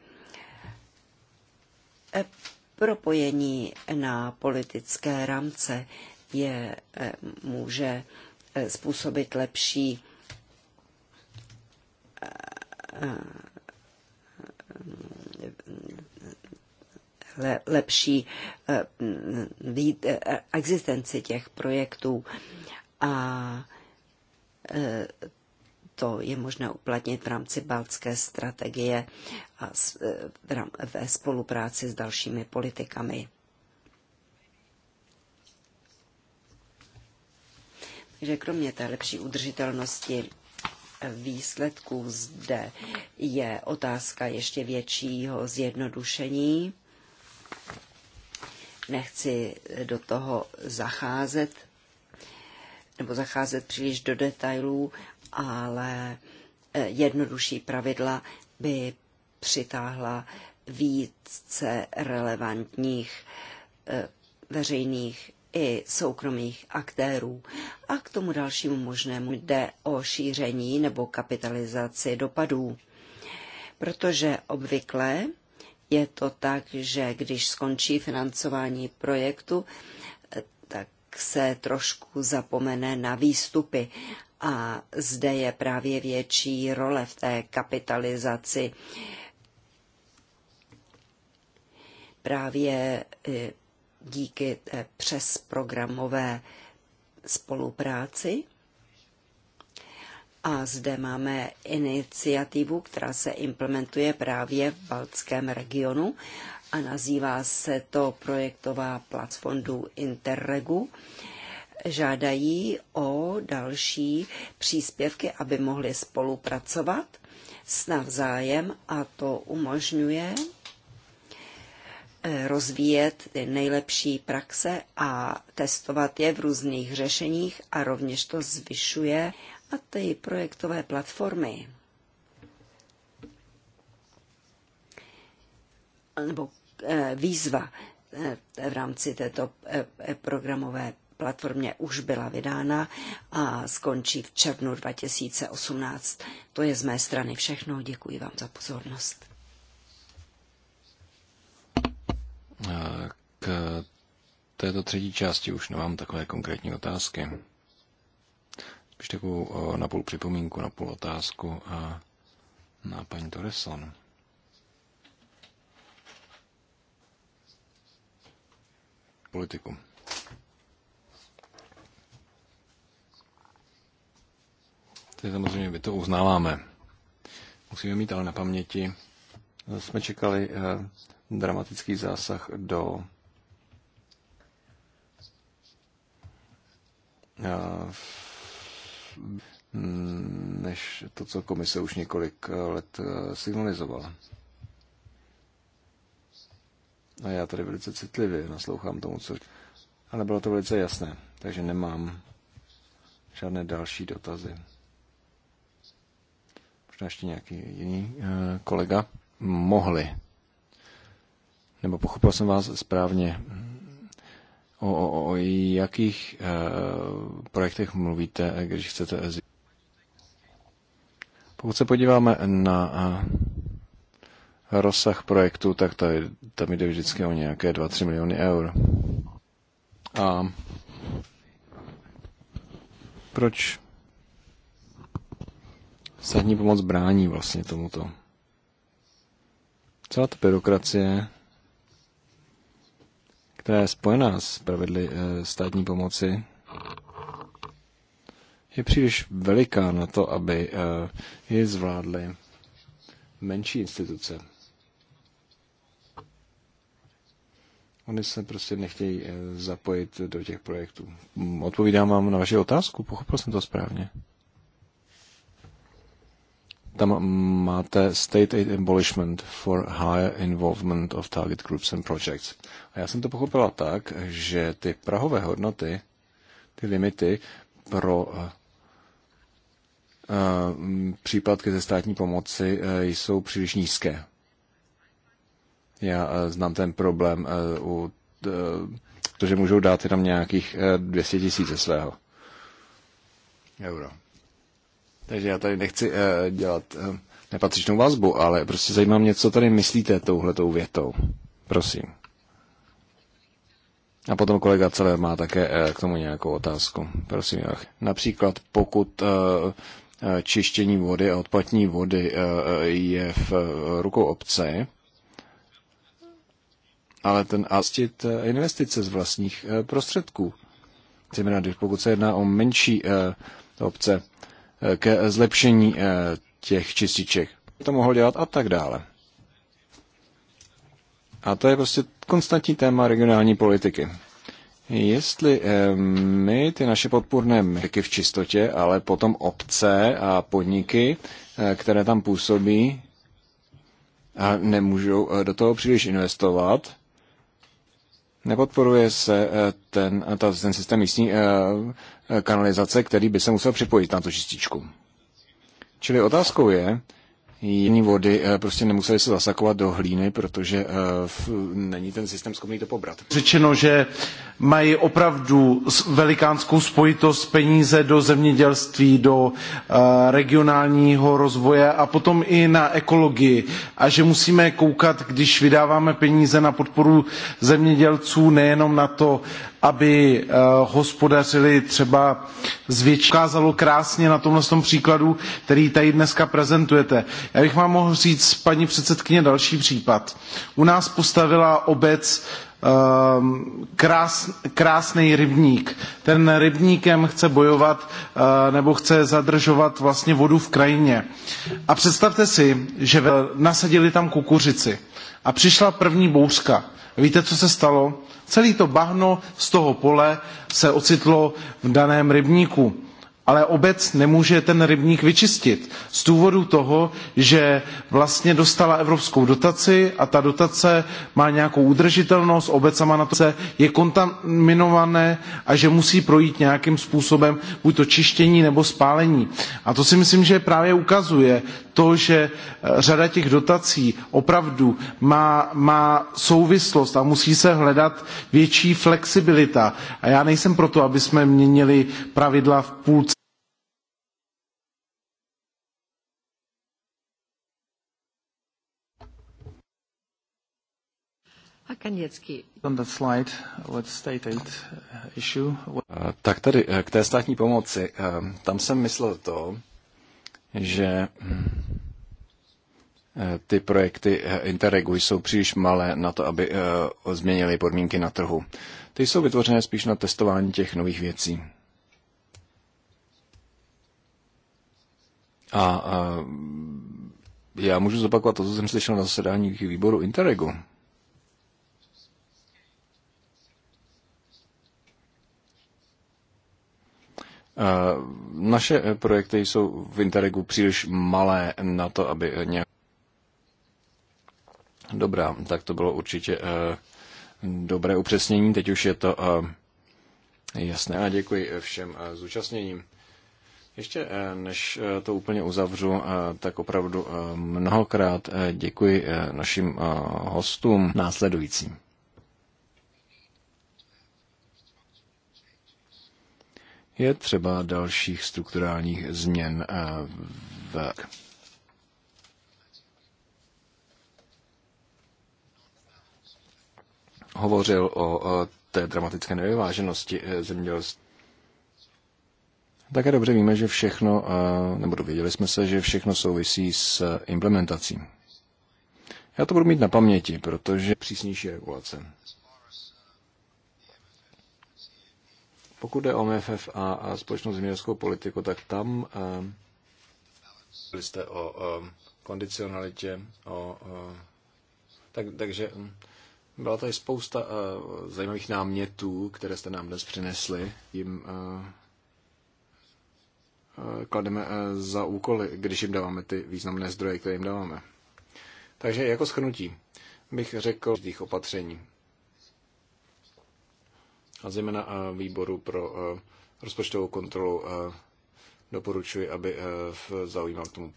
Propojení na politické rámce je, může způsobit lepší le, lepší eh, mm, eh, existenci těch projektů. A eh, to je možné uplatnit v rámci baltské strategie a ve spolupráci s dalšími politikami. Takže kromě té lepší udržitelnosti výsledků zde je otázka ještě většího zjednodušení Nechci do toho zacházet nebo zacházet příliš do detailů, ale eh, jednodušší pravidla by přitáhla více relevantních eh, veřejných i soukromých aktérů. A k tomu dalšímu možnému jde o šíření nebo kapitalizaci dopadů, protože obvykle je to tak, že když skončí financování projektu, tak se trošku zapomene na výstupy. A zde je právě větší role v té kapitalizaci právě e, díky té přesprogramové spolupráci. A zde máme iniciativu, která se implementuje právě v Baltském regionu a nazývá se to projektová plac Interregu. Žádají o další příspěvky, aby mohli spolupracovat s navzájem a to umožňuje eh, rozvíjet ty nejlepší praxe a testovat je v různých řešeních a rovněž to zvyšuje a ty projektové platformy nebo eh, výzva eh, v rámci této eh, programové platformě už byla vydána a skončí v červnu 2018. To je z mé strany všechno. Děkuji vám za pozornost. K této třetí části už nemám takové konkrétní otázky spíš takovou eh, na připomínku, na otázku a eh, na paní Toreson. Politiku. To je samozřejmě, my to uznáváme. Musíme mít ale na paměti, jsme čekali eh, dramatický zásah do eh, než to, co komise už několik eh, let eh, signalizovala. A já tady velice citlivě naslouchám tomu, co... Ale bylo to velice jasné, takže nemám žádné další dotazy. Možná ještě nějaký jiný eh, kolega mohli. Nebo pochopil jsem vás správně, O, o, o jakých uh, projektech mluvíte, když chcete Pokud se podíváme na eh, rozsah projektu, tak tady, tam jde vždycky o nějaké 2-3 miliony eur. A proč státní pomoc brání vlastně tomuto? Celá ta byrokracie která je spojená s pravidly eh, státní pomoci, je příliš veliká na to, aby eh, ji zvládly menší instituce. Oni se prostě nechtějí eh, zapojit do těch projektů. Odpovídám vám na vaši otázku, pochopil jsem to správně tam máte State Aid Abolishment for Higher Involvement of Target Groups and Projects. A já jsem to pochopila tak, že ty prahové hodnoty, ty limity pro uh, eh, uh, eh, případky ze státní pomoci uh, jsou příliš nízké. Já znám ten problém, u, protože můžou dát jenom nějakých 200 tisíc ze svého euro. Takže já tady nechci eh, dělat eh, nepatřičnou vazbu, ale prostě zajímá mě, co tady myslíte touhletou větou. Prosím. A potom kolega celé má také eh, k tomu nějakou otázku. Prosím, Jach. Například pokud čištění vody a odpadní vody je v rukou obce, ale ten astit investice z vlastních prostředků. Zajímavé, když pokud se jedná o menší obce, ke zlepšení eh, těch čističek. To mohl dělat a tak dále. A to je prostě konstantní téma regionální politiky. Jestli eh, my ty naše podpůrné myky v čistotě, ale potom obce a podniky, eh, které tam působí, a nemůžou do toho příliš investovat, Nepodporuje se eh, ten, ta, ten systém místní eh, eh, kanalizace, který by se musel připojit na tu čističku. Čili otázkou je, Jiné vody eh, prostě nemuseli se zasakovat do hlíny, protože eh, není ten systém schopný to pobrat. Řečeno, že mají opravdu velikánskou spojitost peníze do zemědělství, do eh, regionálního rozvoje a potom i na ekologii. A že musíme koukat, když vydáváme peníze na podporu zemědělců, nejenom na to, aby hospodařili třeba Ukázalo krásně na tomhle tom příkladu, který tady dneska prezentujete. Já bych vám mohl říct, paní předsedkyně, další případ. U nás postavila obec ehm, Krás, krásný rybník. Ten rybníkem chce bojovat eh, nebo chce zadržovat vlastně vodu v krajině. A představte si, že nasadili tam kukuřici a přišla první bouřka. Víte, co se stalo? Celý to bahno z toho pole se ocitlo v daném rybníku ale obec nemůže ten rybník vyčistit z důvodu toho, že vlastně dostala evropskou dotaci a ta dotace má nějakou udržitelnost, obec sama na to je kontaminované a že musí projít nějakým způsobem buď to čištění nebo spálení. A to si myslím, že právě ukazuje to, že eh, řada těch dotací opravdu má, má souvislost a musí se hledat větší flexibilita. A já nejsem proto, aby jsme měnili pravidla v půlce Uh, tak tady eh, k té státní pomoci. Eh, tam jsem myslel to, že hm, eh, ty projekty Interregu jsou příliš malé na to, aby změnily podmínky na trhu. Ty jsou vytvořené spíš na testování těch nových věcí. A já můžu zopakovat to, co jsem slyšel na zasedání výboru Interregu Eh, naše eh, projekty jsou v Interregu příliš malé na to, aby eh, nějak... Dobrá, tak to bylo určitě dobré upřesnění. Teď už je to jasné a děkuji všem zúčastněním. Ještě než to úplně uzavřu, tak opravdu mnohokrát děkuji našim hostům následujícím. je třeba dalších strukturálních změn eh, v hovořil o eh, té dramatické nevyváženosti eh, zemědělství. Také dobře víme, že všechno, nebo dověděli jsme se, že všechno souvisí s implementací. Já to budu mít na paměti, protože přísnější regulace. Pokud jde o MFF a, a společnou zemědělskou politiku, tak tam... Byli eh, jste o kondicionalitě, o, tak, takže hm, byla tady spousta eh, zajímavých námětů, které jste nám dnes přinesli. Jim eh, klademe za úkoly, když jim dáváme ty významné zdroje, které jim dáváme. Takže jako schrnutí bych řekl těch opatření a zejména eh, výboru pro eh, rozpočtovou kontrolu eh, doporučuji, aby zaujímal k tomu.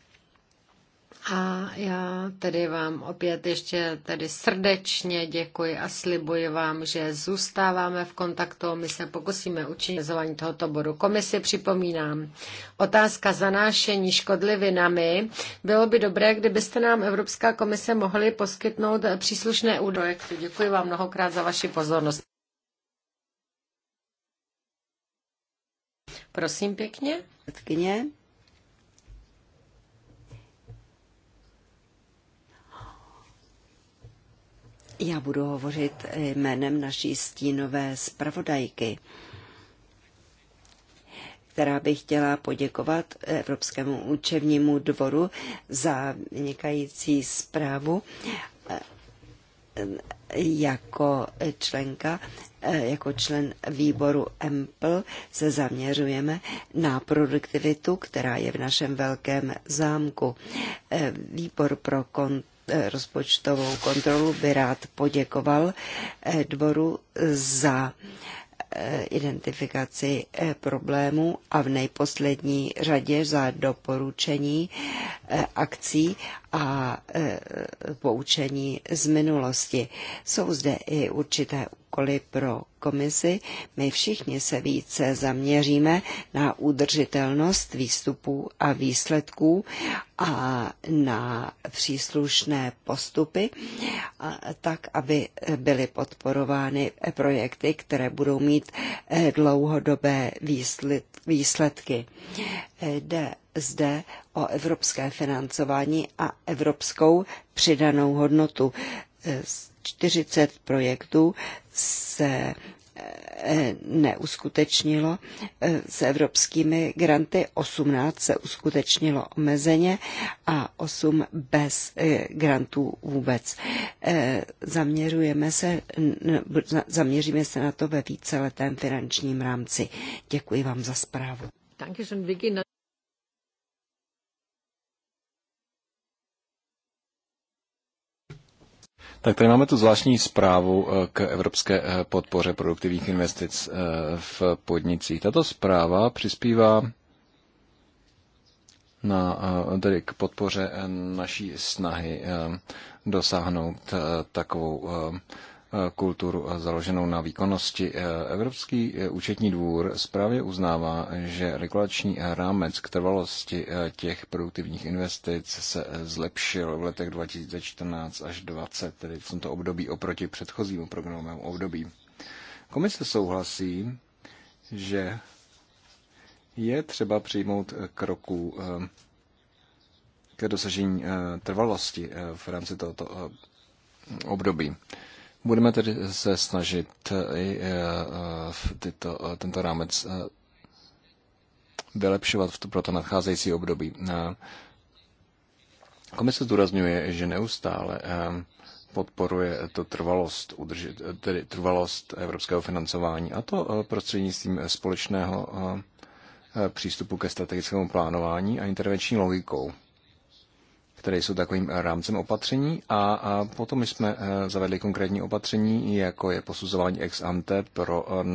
A já tedy vám opět ještě tedy srdečně děkuji a slibuji vám, že zůstáváme v kontaktu. My se pokusíme učinit zvolení tohoto bodu. Komisi připomínám. Otázka zanášení škodlivinami. Bylo by dobré, kdybyste nám Evropská komise mohli poskytnout příslušné údaje. Děkuji vám mnohokrát za vaši pozornost. Prosím pěkně. Předkyně. Já budu hovořit jménem naší stínové zpravodajky, která by chtěla poděkovat Evropskému účevnímu dvoru za vynikající zprávu jako členka, eh, jako člen výboru EMPL se zaměřujeme na produktivitu, která je v našem velkém zámku. Eh, výbor pro kont eh, rozpočtovou kontrolu by rád poděkoval dvoru za identifikaci problémů a v nejposlední řadě za doporučení akcí a e, poučení z minulosti. Jsou zde i určité úkoly pro komisi. My všichni se více zaměříme na udržitelnost výstupů a výsledků a na příslušné postupy, a, tak aby byly podporovány projekty, které budou mít e, dlouhodobé výsledky. Jde zde o evropské financování a evropskou přidanou hodnotu. 40 projektů se eh, neuskutečnilo eh, s evropskými granty, 18 se uskutečnilo omezeně a 8 bez eh, grantů vůbec. Zaměřujeme se, zaměříme se na to ve víceletém finančním rámci. Děkuji vám za zprávu. Dankeschön. Wir gehen Tak tady máme tu zvláštní zprávu eh, k evropské eh, podpoře produktivních investic eh, v podnicích. Tato zpráva přispívá na, tedy k podpoře naší snahy dosáhnout takovou kulturu založenou na výkonnosti. E, Evropský e, účetní dvůr zprávě uznává, že regulační rámec k trvalosti e, těch produktivních investic se zlepšil v letech 2014 až 2020, tedy v tomto období oproti předchozímu programovému období. Komise souhlasí, že je třeba přijmout kroků k dosažení trvalosti v rámci tohoto období. Budeme tedy se snažit i eh, tyto, eh, tento rámec eh, vylepšovat pro to nadcházející období. Komise zdůrazňuje, že neustále podporuje to trvalost, udržet, tedy trvalost evropského financování a to prostřednictvím společného přístupu ke strategickému plánování a intervenční logikou které jsou takovým rámcem opatření. A, a potom jsme eh, zavedli konkrétní opatření, jako je posuzování ex ante pro eh,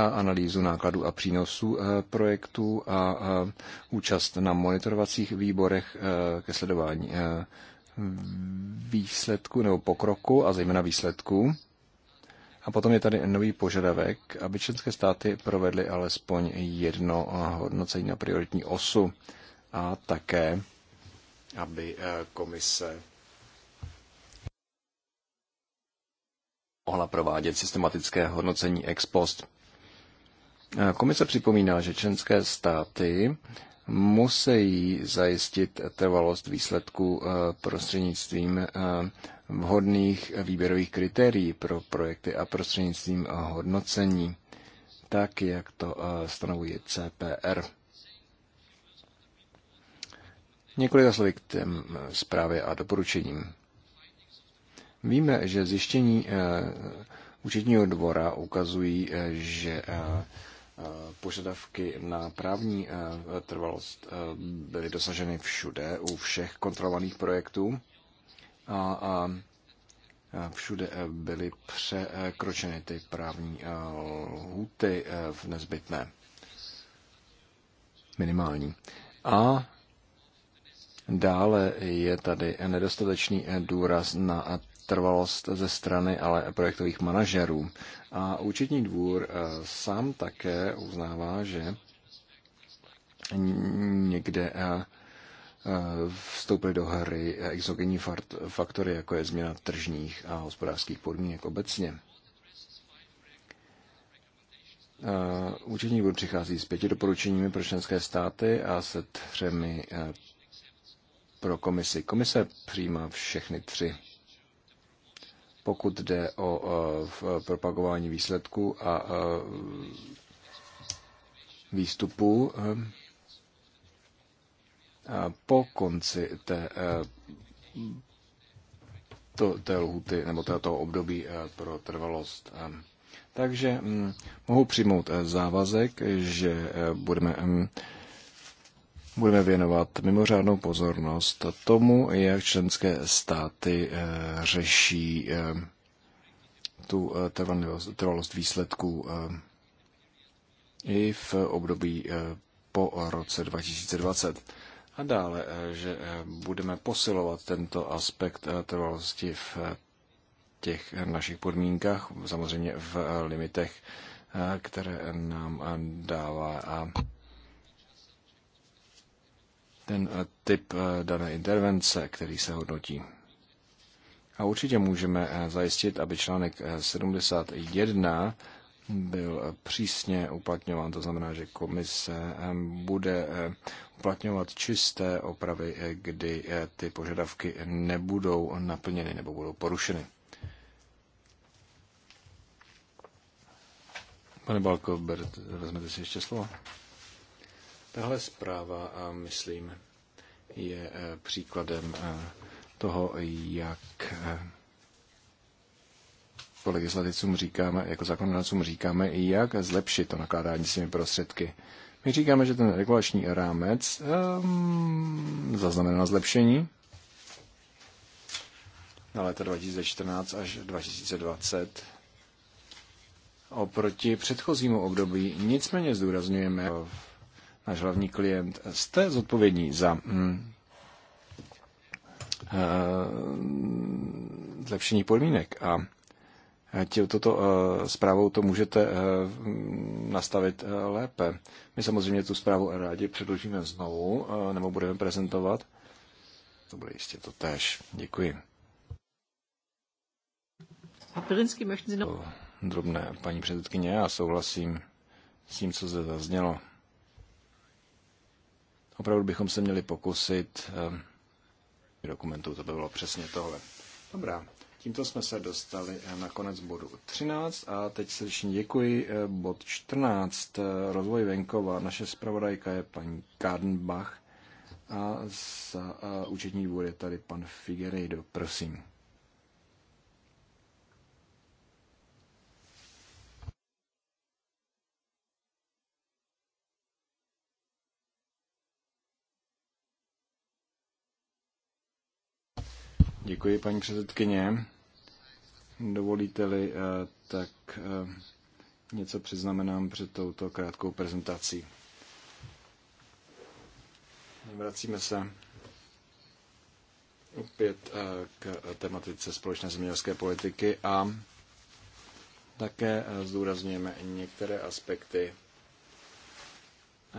analýzu nákladů a přínosů eh, projektů a účast na monitorovacích výborech ke sledování výsledku nebo pokroku a zejména výsledků. A potom je tady nový požadavek, aby členské státy provedly alespoň jedno hodnocení na prioritní osu a také aby eh, komise mohla provádět systematické hodnocení ex post. Eh, komise připomíná, že členské státy musí zajistit trvalost výsledků eh, prostřednictvím vhodných výběrových kritérií pro projekty a prostřednictvím hodnocení, tak jak to stanovuje CPR. Několika slovy k těm eh, zprávě a doporučením. Víme, že zjištění eh, účetního dvora ukazují, eh, že požadavky na právní trvalost byly dosaženy všude, u všech kontrolovaných projektů a všude byly překročeny ty právní lhuty nezbytné, minimální. A Dále je tady nedostatečný důraz na trvalost ze strany ale projektových manažerů. A účetní dvůr eh, sám také uznává, že někde eh, eh, vstoupily do hry exogenní faktory, jako je změna tržních a hospodářských podmínek obecně. Účetní dvůr přichází s pěti doporučeními pro členské státy a se třemi pro komisi. Komise přijímá všechny tři. Pokud jde o propagování výsledků a výstupů, eh, po konci té, eh, to, té lhuty nebo toho období eh, pro trvalost. Takže hm, mohu přijmout závazek, že budeme hm, budeme věnovat mimořádnou pozornost tomu, jak členské státy eh, řeší eh, tu eh, trvalost výsledků i v období po roce 2020. A dále, že budeme posilovat tento aspekt trvalosti v těch našich podmínkách, samozřejmě v limitech, které nám dává a ten eh, typ eh, dané intervence, který se hodnotí. A určitě můžeme eh, zajistit, aby článek 71 byl přísně uplatňován. To znamená, že komise bude uplatňovat čisté opravy, kdy ty požadavky nebudou naplněny nebo budou porušeny. Pane Balko, vezmete si ještě slovo? Tahle zpráva, myslím, je e, příkladem e, toho, jak e, po legislativcům říkáme, jako zákonodárcům říkáme, jak zlepšit to nakládání s těmi prostředky. My říkáme, že ten regulační rámec um, zaznamená zlepšení na léta 2014 až 2020 oproti předchozímu období. Nicméně zdůrazňujeme náš hlavní klient, jste zodpovědní za mm, eh, zlepšení podmínek a toto eh, zprávou to můžete eh, mm, nastavit lépe. My samozřejmě tu zprávu rádi předložíme znovu, nebo budeme prezentovat. To bude jistě to tež. Děkuji. Drobné paní předsedkyně, já souhlasím s tím, co zde zaznělo. Opravdu bychom se měli pokusit ehm, dokumentů, to by bylo přesně tohle. Dobrá, tímto jsme se dostali eh, na konec bodu 13 a teď srdečně děkuji. Eh, bod 14, eh, rozvoj venkova. Naše zpravodajka je paní Kardenbach a za účetní dvůr je tady pan Figueiredo. Prosím. Děkuji, paní předsedkyně. Dovolíte-li, eh, tak eh, něco přiznamenám před touto krátkou prezentací. Vracíme se opět eh, k tematice společné zemědělské politiky a také zdůrazňujeme některé aspekty,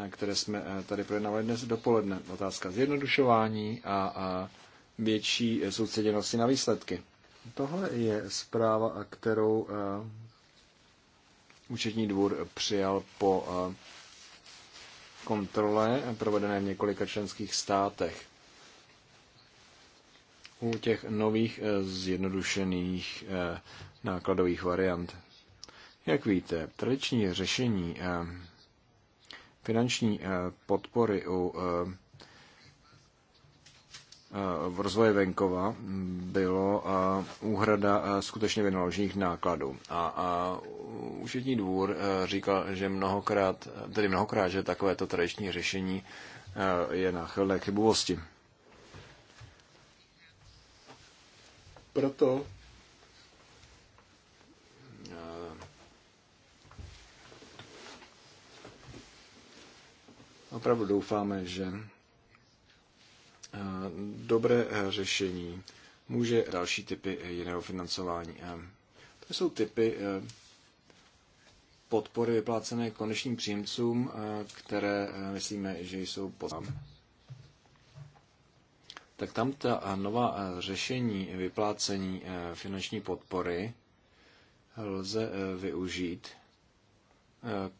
které jsme tady projednávali dnes dopoledne. Otázka zjednodušování a, a větší soustředěnosti na výsledky. Tohle je zpráva, kterou eh, účetní dvůr přijal po eh, kontrole provedené v několika členských státech. U těch nových eh, zjednodušených nákladových variant. Jak víte, tradiční řešení finanční podpory u v rozvoje venkova bylo úhrada skutečně vynaložených nákladů. A, a účetní dvůr e, říkal, že mnohokrát, tedy mnohokrát, že takovéto tradiční řešení e, je na chvilé chybovosti. Proto e, opravdu doufáme, že Eh, dobré eh, řešení může další typy eh, jiného financování. To jsou typy podpory vyplácené konečným příjemcům, které myslíme, že jsou poznám. Tak tam ta nová řešení vyplácení finanční podpory lze využít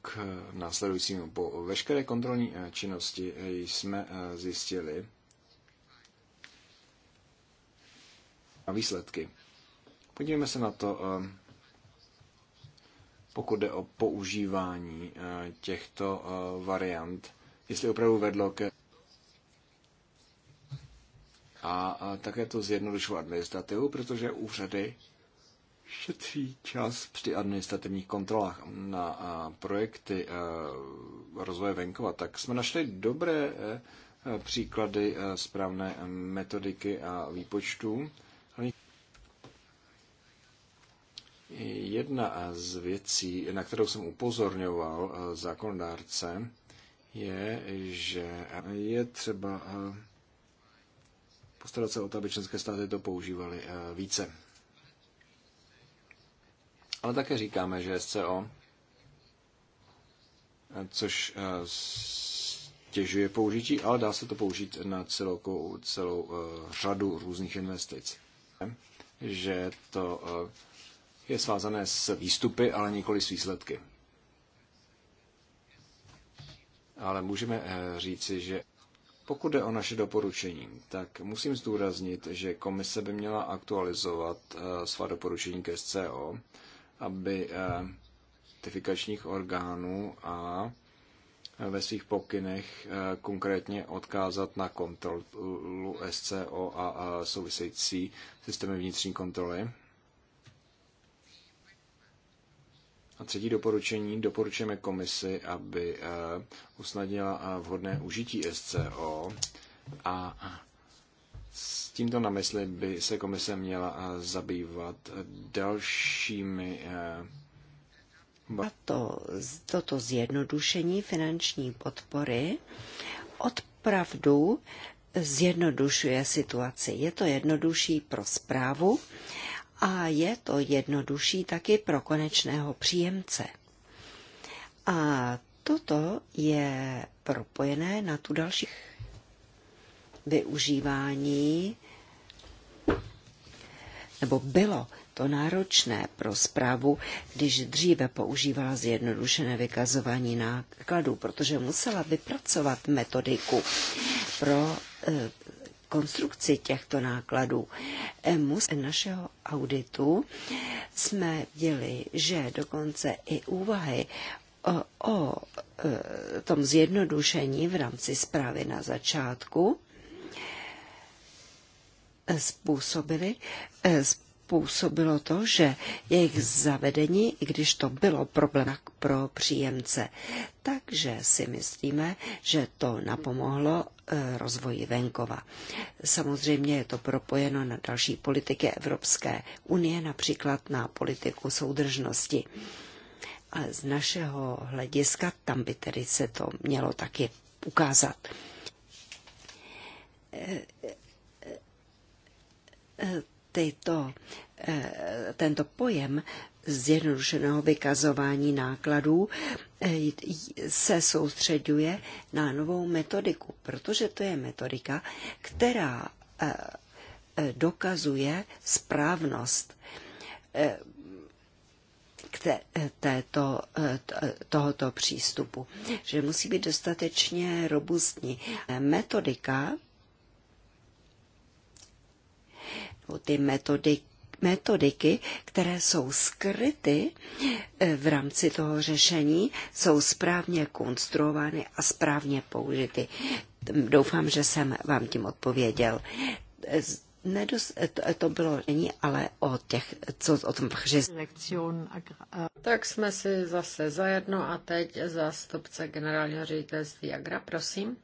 k následujícímu. Po veškeré kontrolní činnosti jsme zjistili, a výsledky. Podívejme se na to, eh, pokud jde o používání eh, těchto eh, variant, jestli opravdu vedlo ke a také to zjednodušilo administrativu, protože úřady šetří čas při administrativních kontrolách na projekty rozvoje venkova. Tak jsme našli dobré příklady správné metodiky a výpočtů Jedna z věcí, na kterou jsem upozorňoval eh, zákonodárce, je, že je třeba eh, postarat se o to, aby členské státy to používaly eh, více. Ale také říkáme, že SCO, což stěžuje použití, ale dá se to použít na celou, celou řadu různých investic. Že to je svázané s výstupy, ale nikoli s výsledky. Ale můžeme eh, říci, že pokud jde o naše doporučení, tak musím zdůraznit, že komise by měla aktualizovat eh, svá doporučení ke SCO, aby certifikačních eh, orgánů a ve svých pokynech konkrétně odkázat na kontrolu SCO a související systémy vnitřní kontroly. A třetí doporučení, doporučujeme komisi, aby eh, usnadnila eh, vhodné užití SCO a s tímto na mysli by se komise měla eh, zabývat dalšími a to, toto zjednodušení finanční podpory opravdu zjednodušuje situaci. Je to jednodušší pro zprávu a je to jednodušší taky pro konečného příjemce. A toto je propojené na tu další využívání, nebo bylo to náročné pro zprávu, když dříve používala zjednodušené vykazování nákladů, protože musela vypracovat metodiku pro eh, konstrukci těchto nákladů. Z našeho auditu jsme viděli, že dokonce i úvahy o, o e, tom zjednodušení v rámci zprávy na začátku způsobily, způsobily e, způsobilo to, že jejich zavedení, i když to bylo problém pro příjemce, takže si myslíme, že to napomohlo eh, rozvoji venkova. Samozřejmě je to propojeno na další politiky Evropské unie, například na politiku soudržnosti. Ale z našeho hlediska tam by tedy se to mělo taky ukázat eh, eh, tyto, eh, tento pojem zjednodušeného vykazování nákladů eh, se soustředuje na novou metodiku, protože to je metodika, která eh, dokazuje správnost k této, tohoto přístupu, že musí být dostatečně robustní. Metodika jako ty metody metodiky, které jsou skryty eh, v rámci toho řešení, jsou správně konstruovány a správně použity. Doufám, že jsem vám tím odpověděl. Eh, nedos, eh, to, to bylo není, ale o těch, co o tom chři... Tak jsme si zase zajedno a teď zástupce generálního ředitelství Agra, prosím.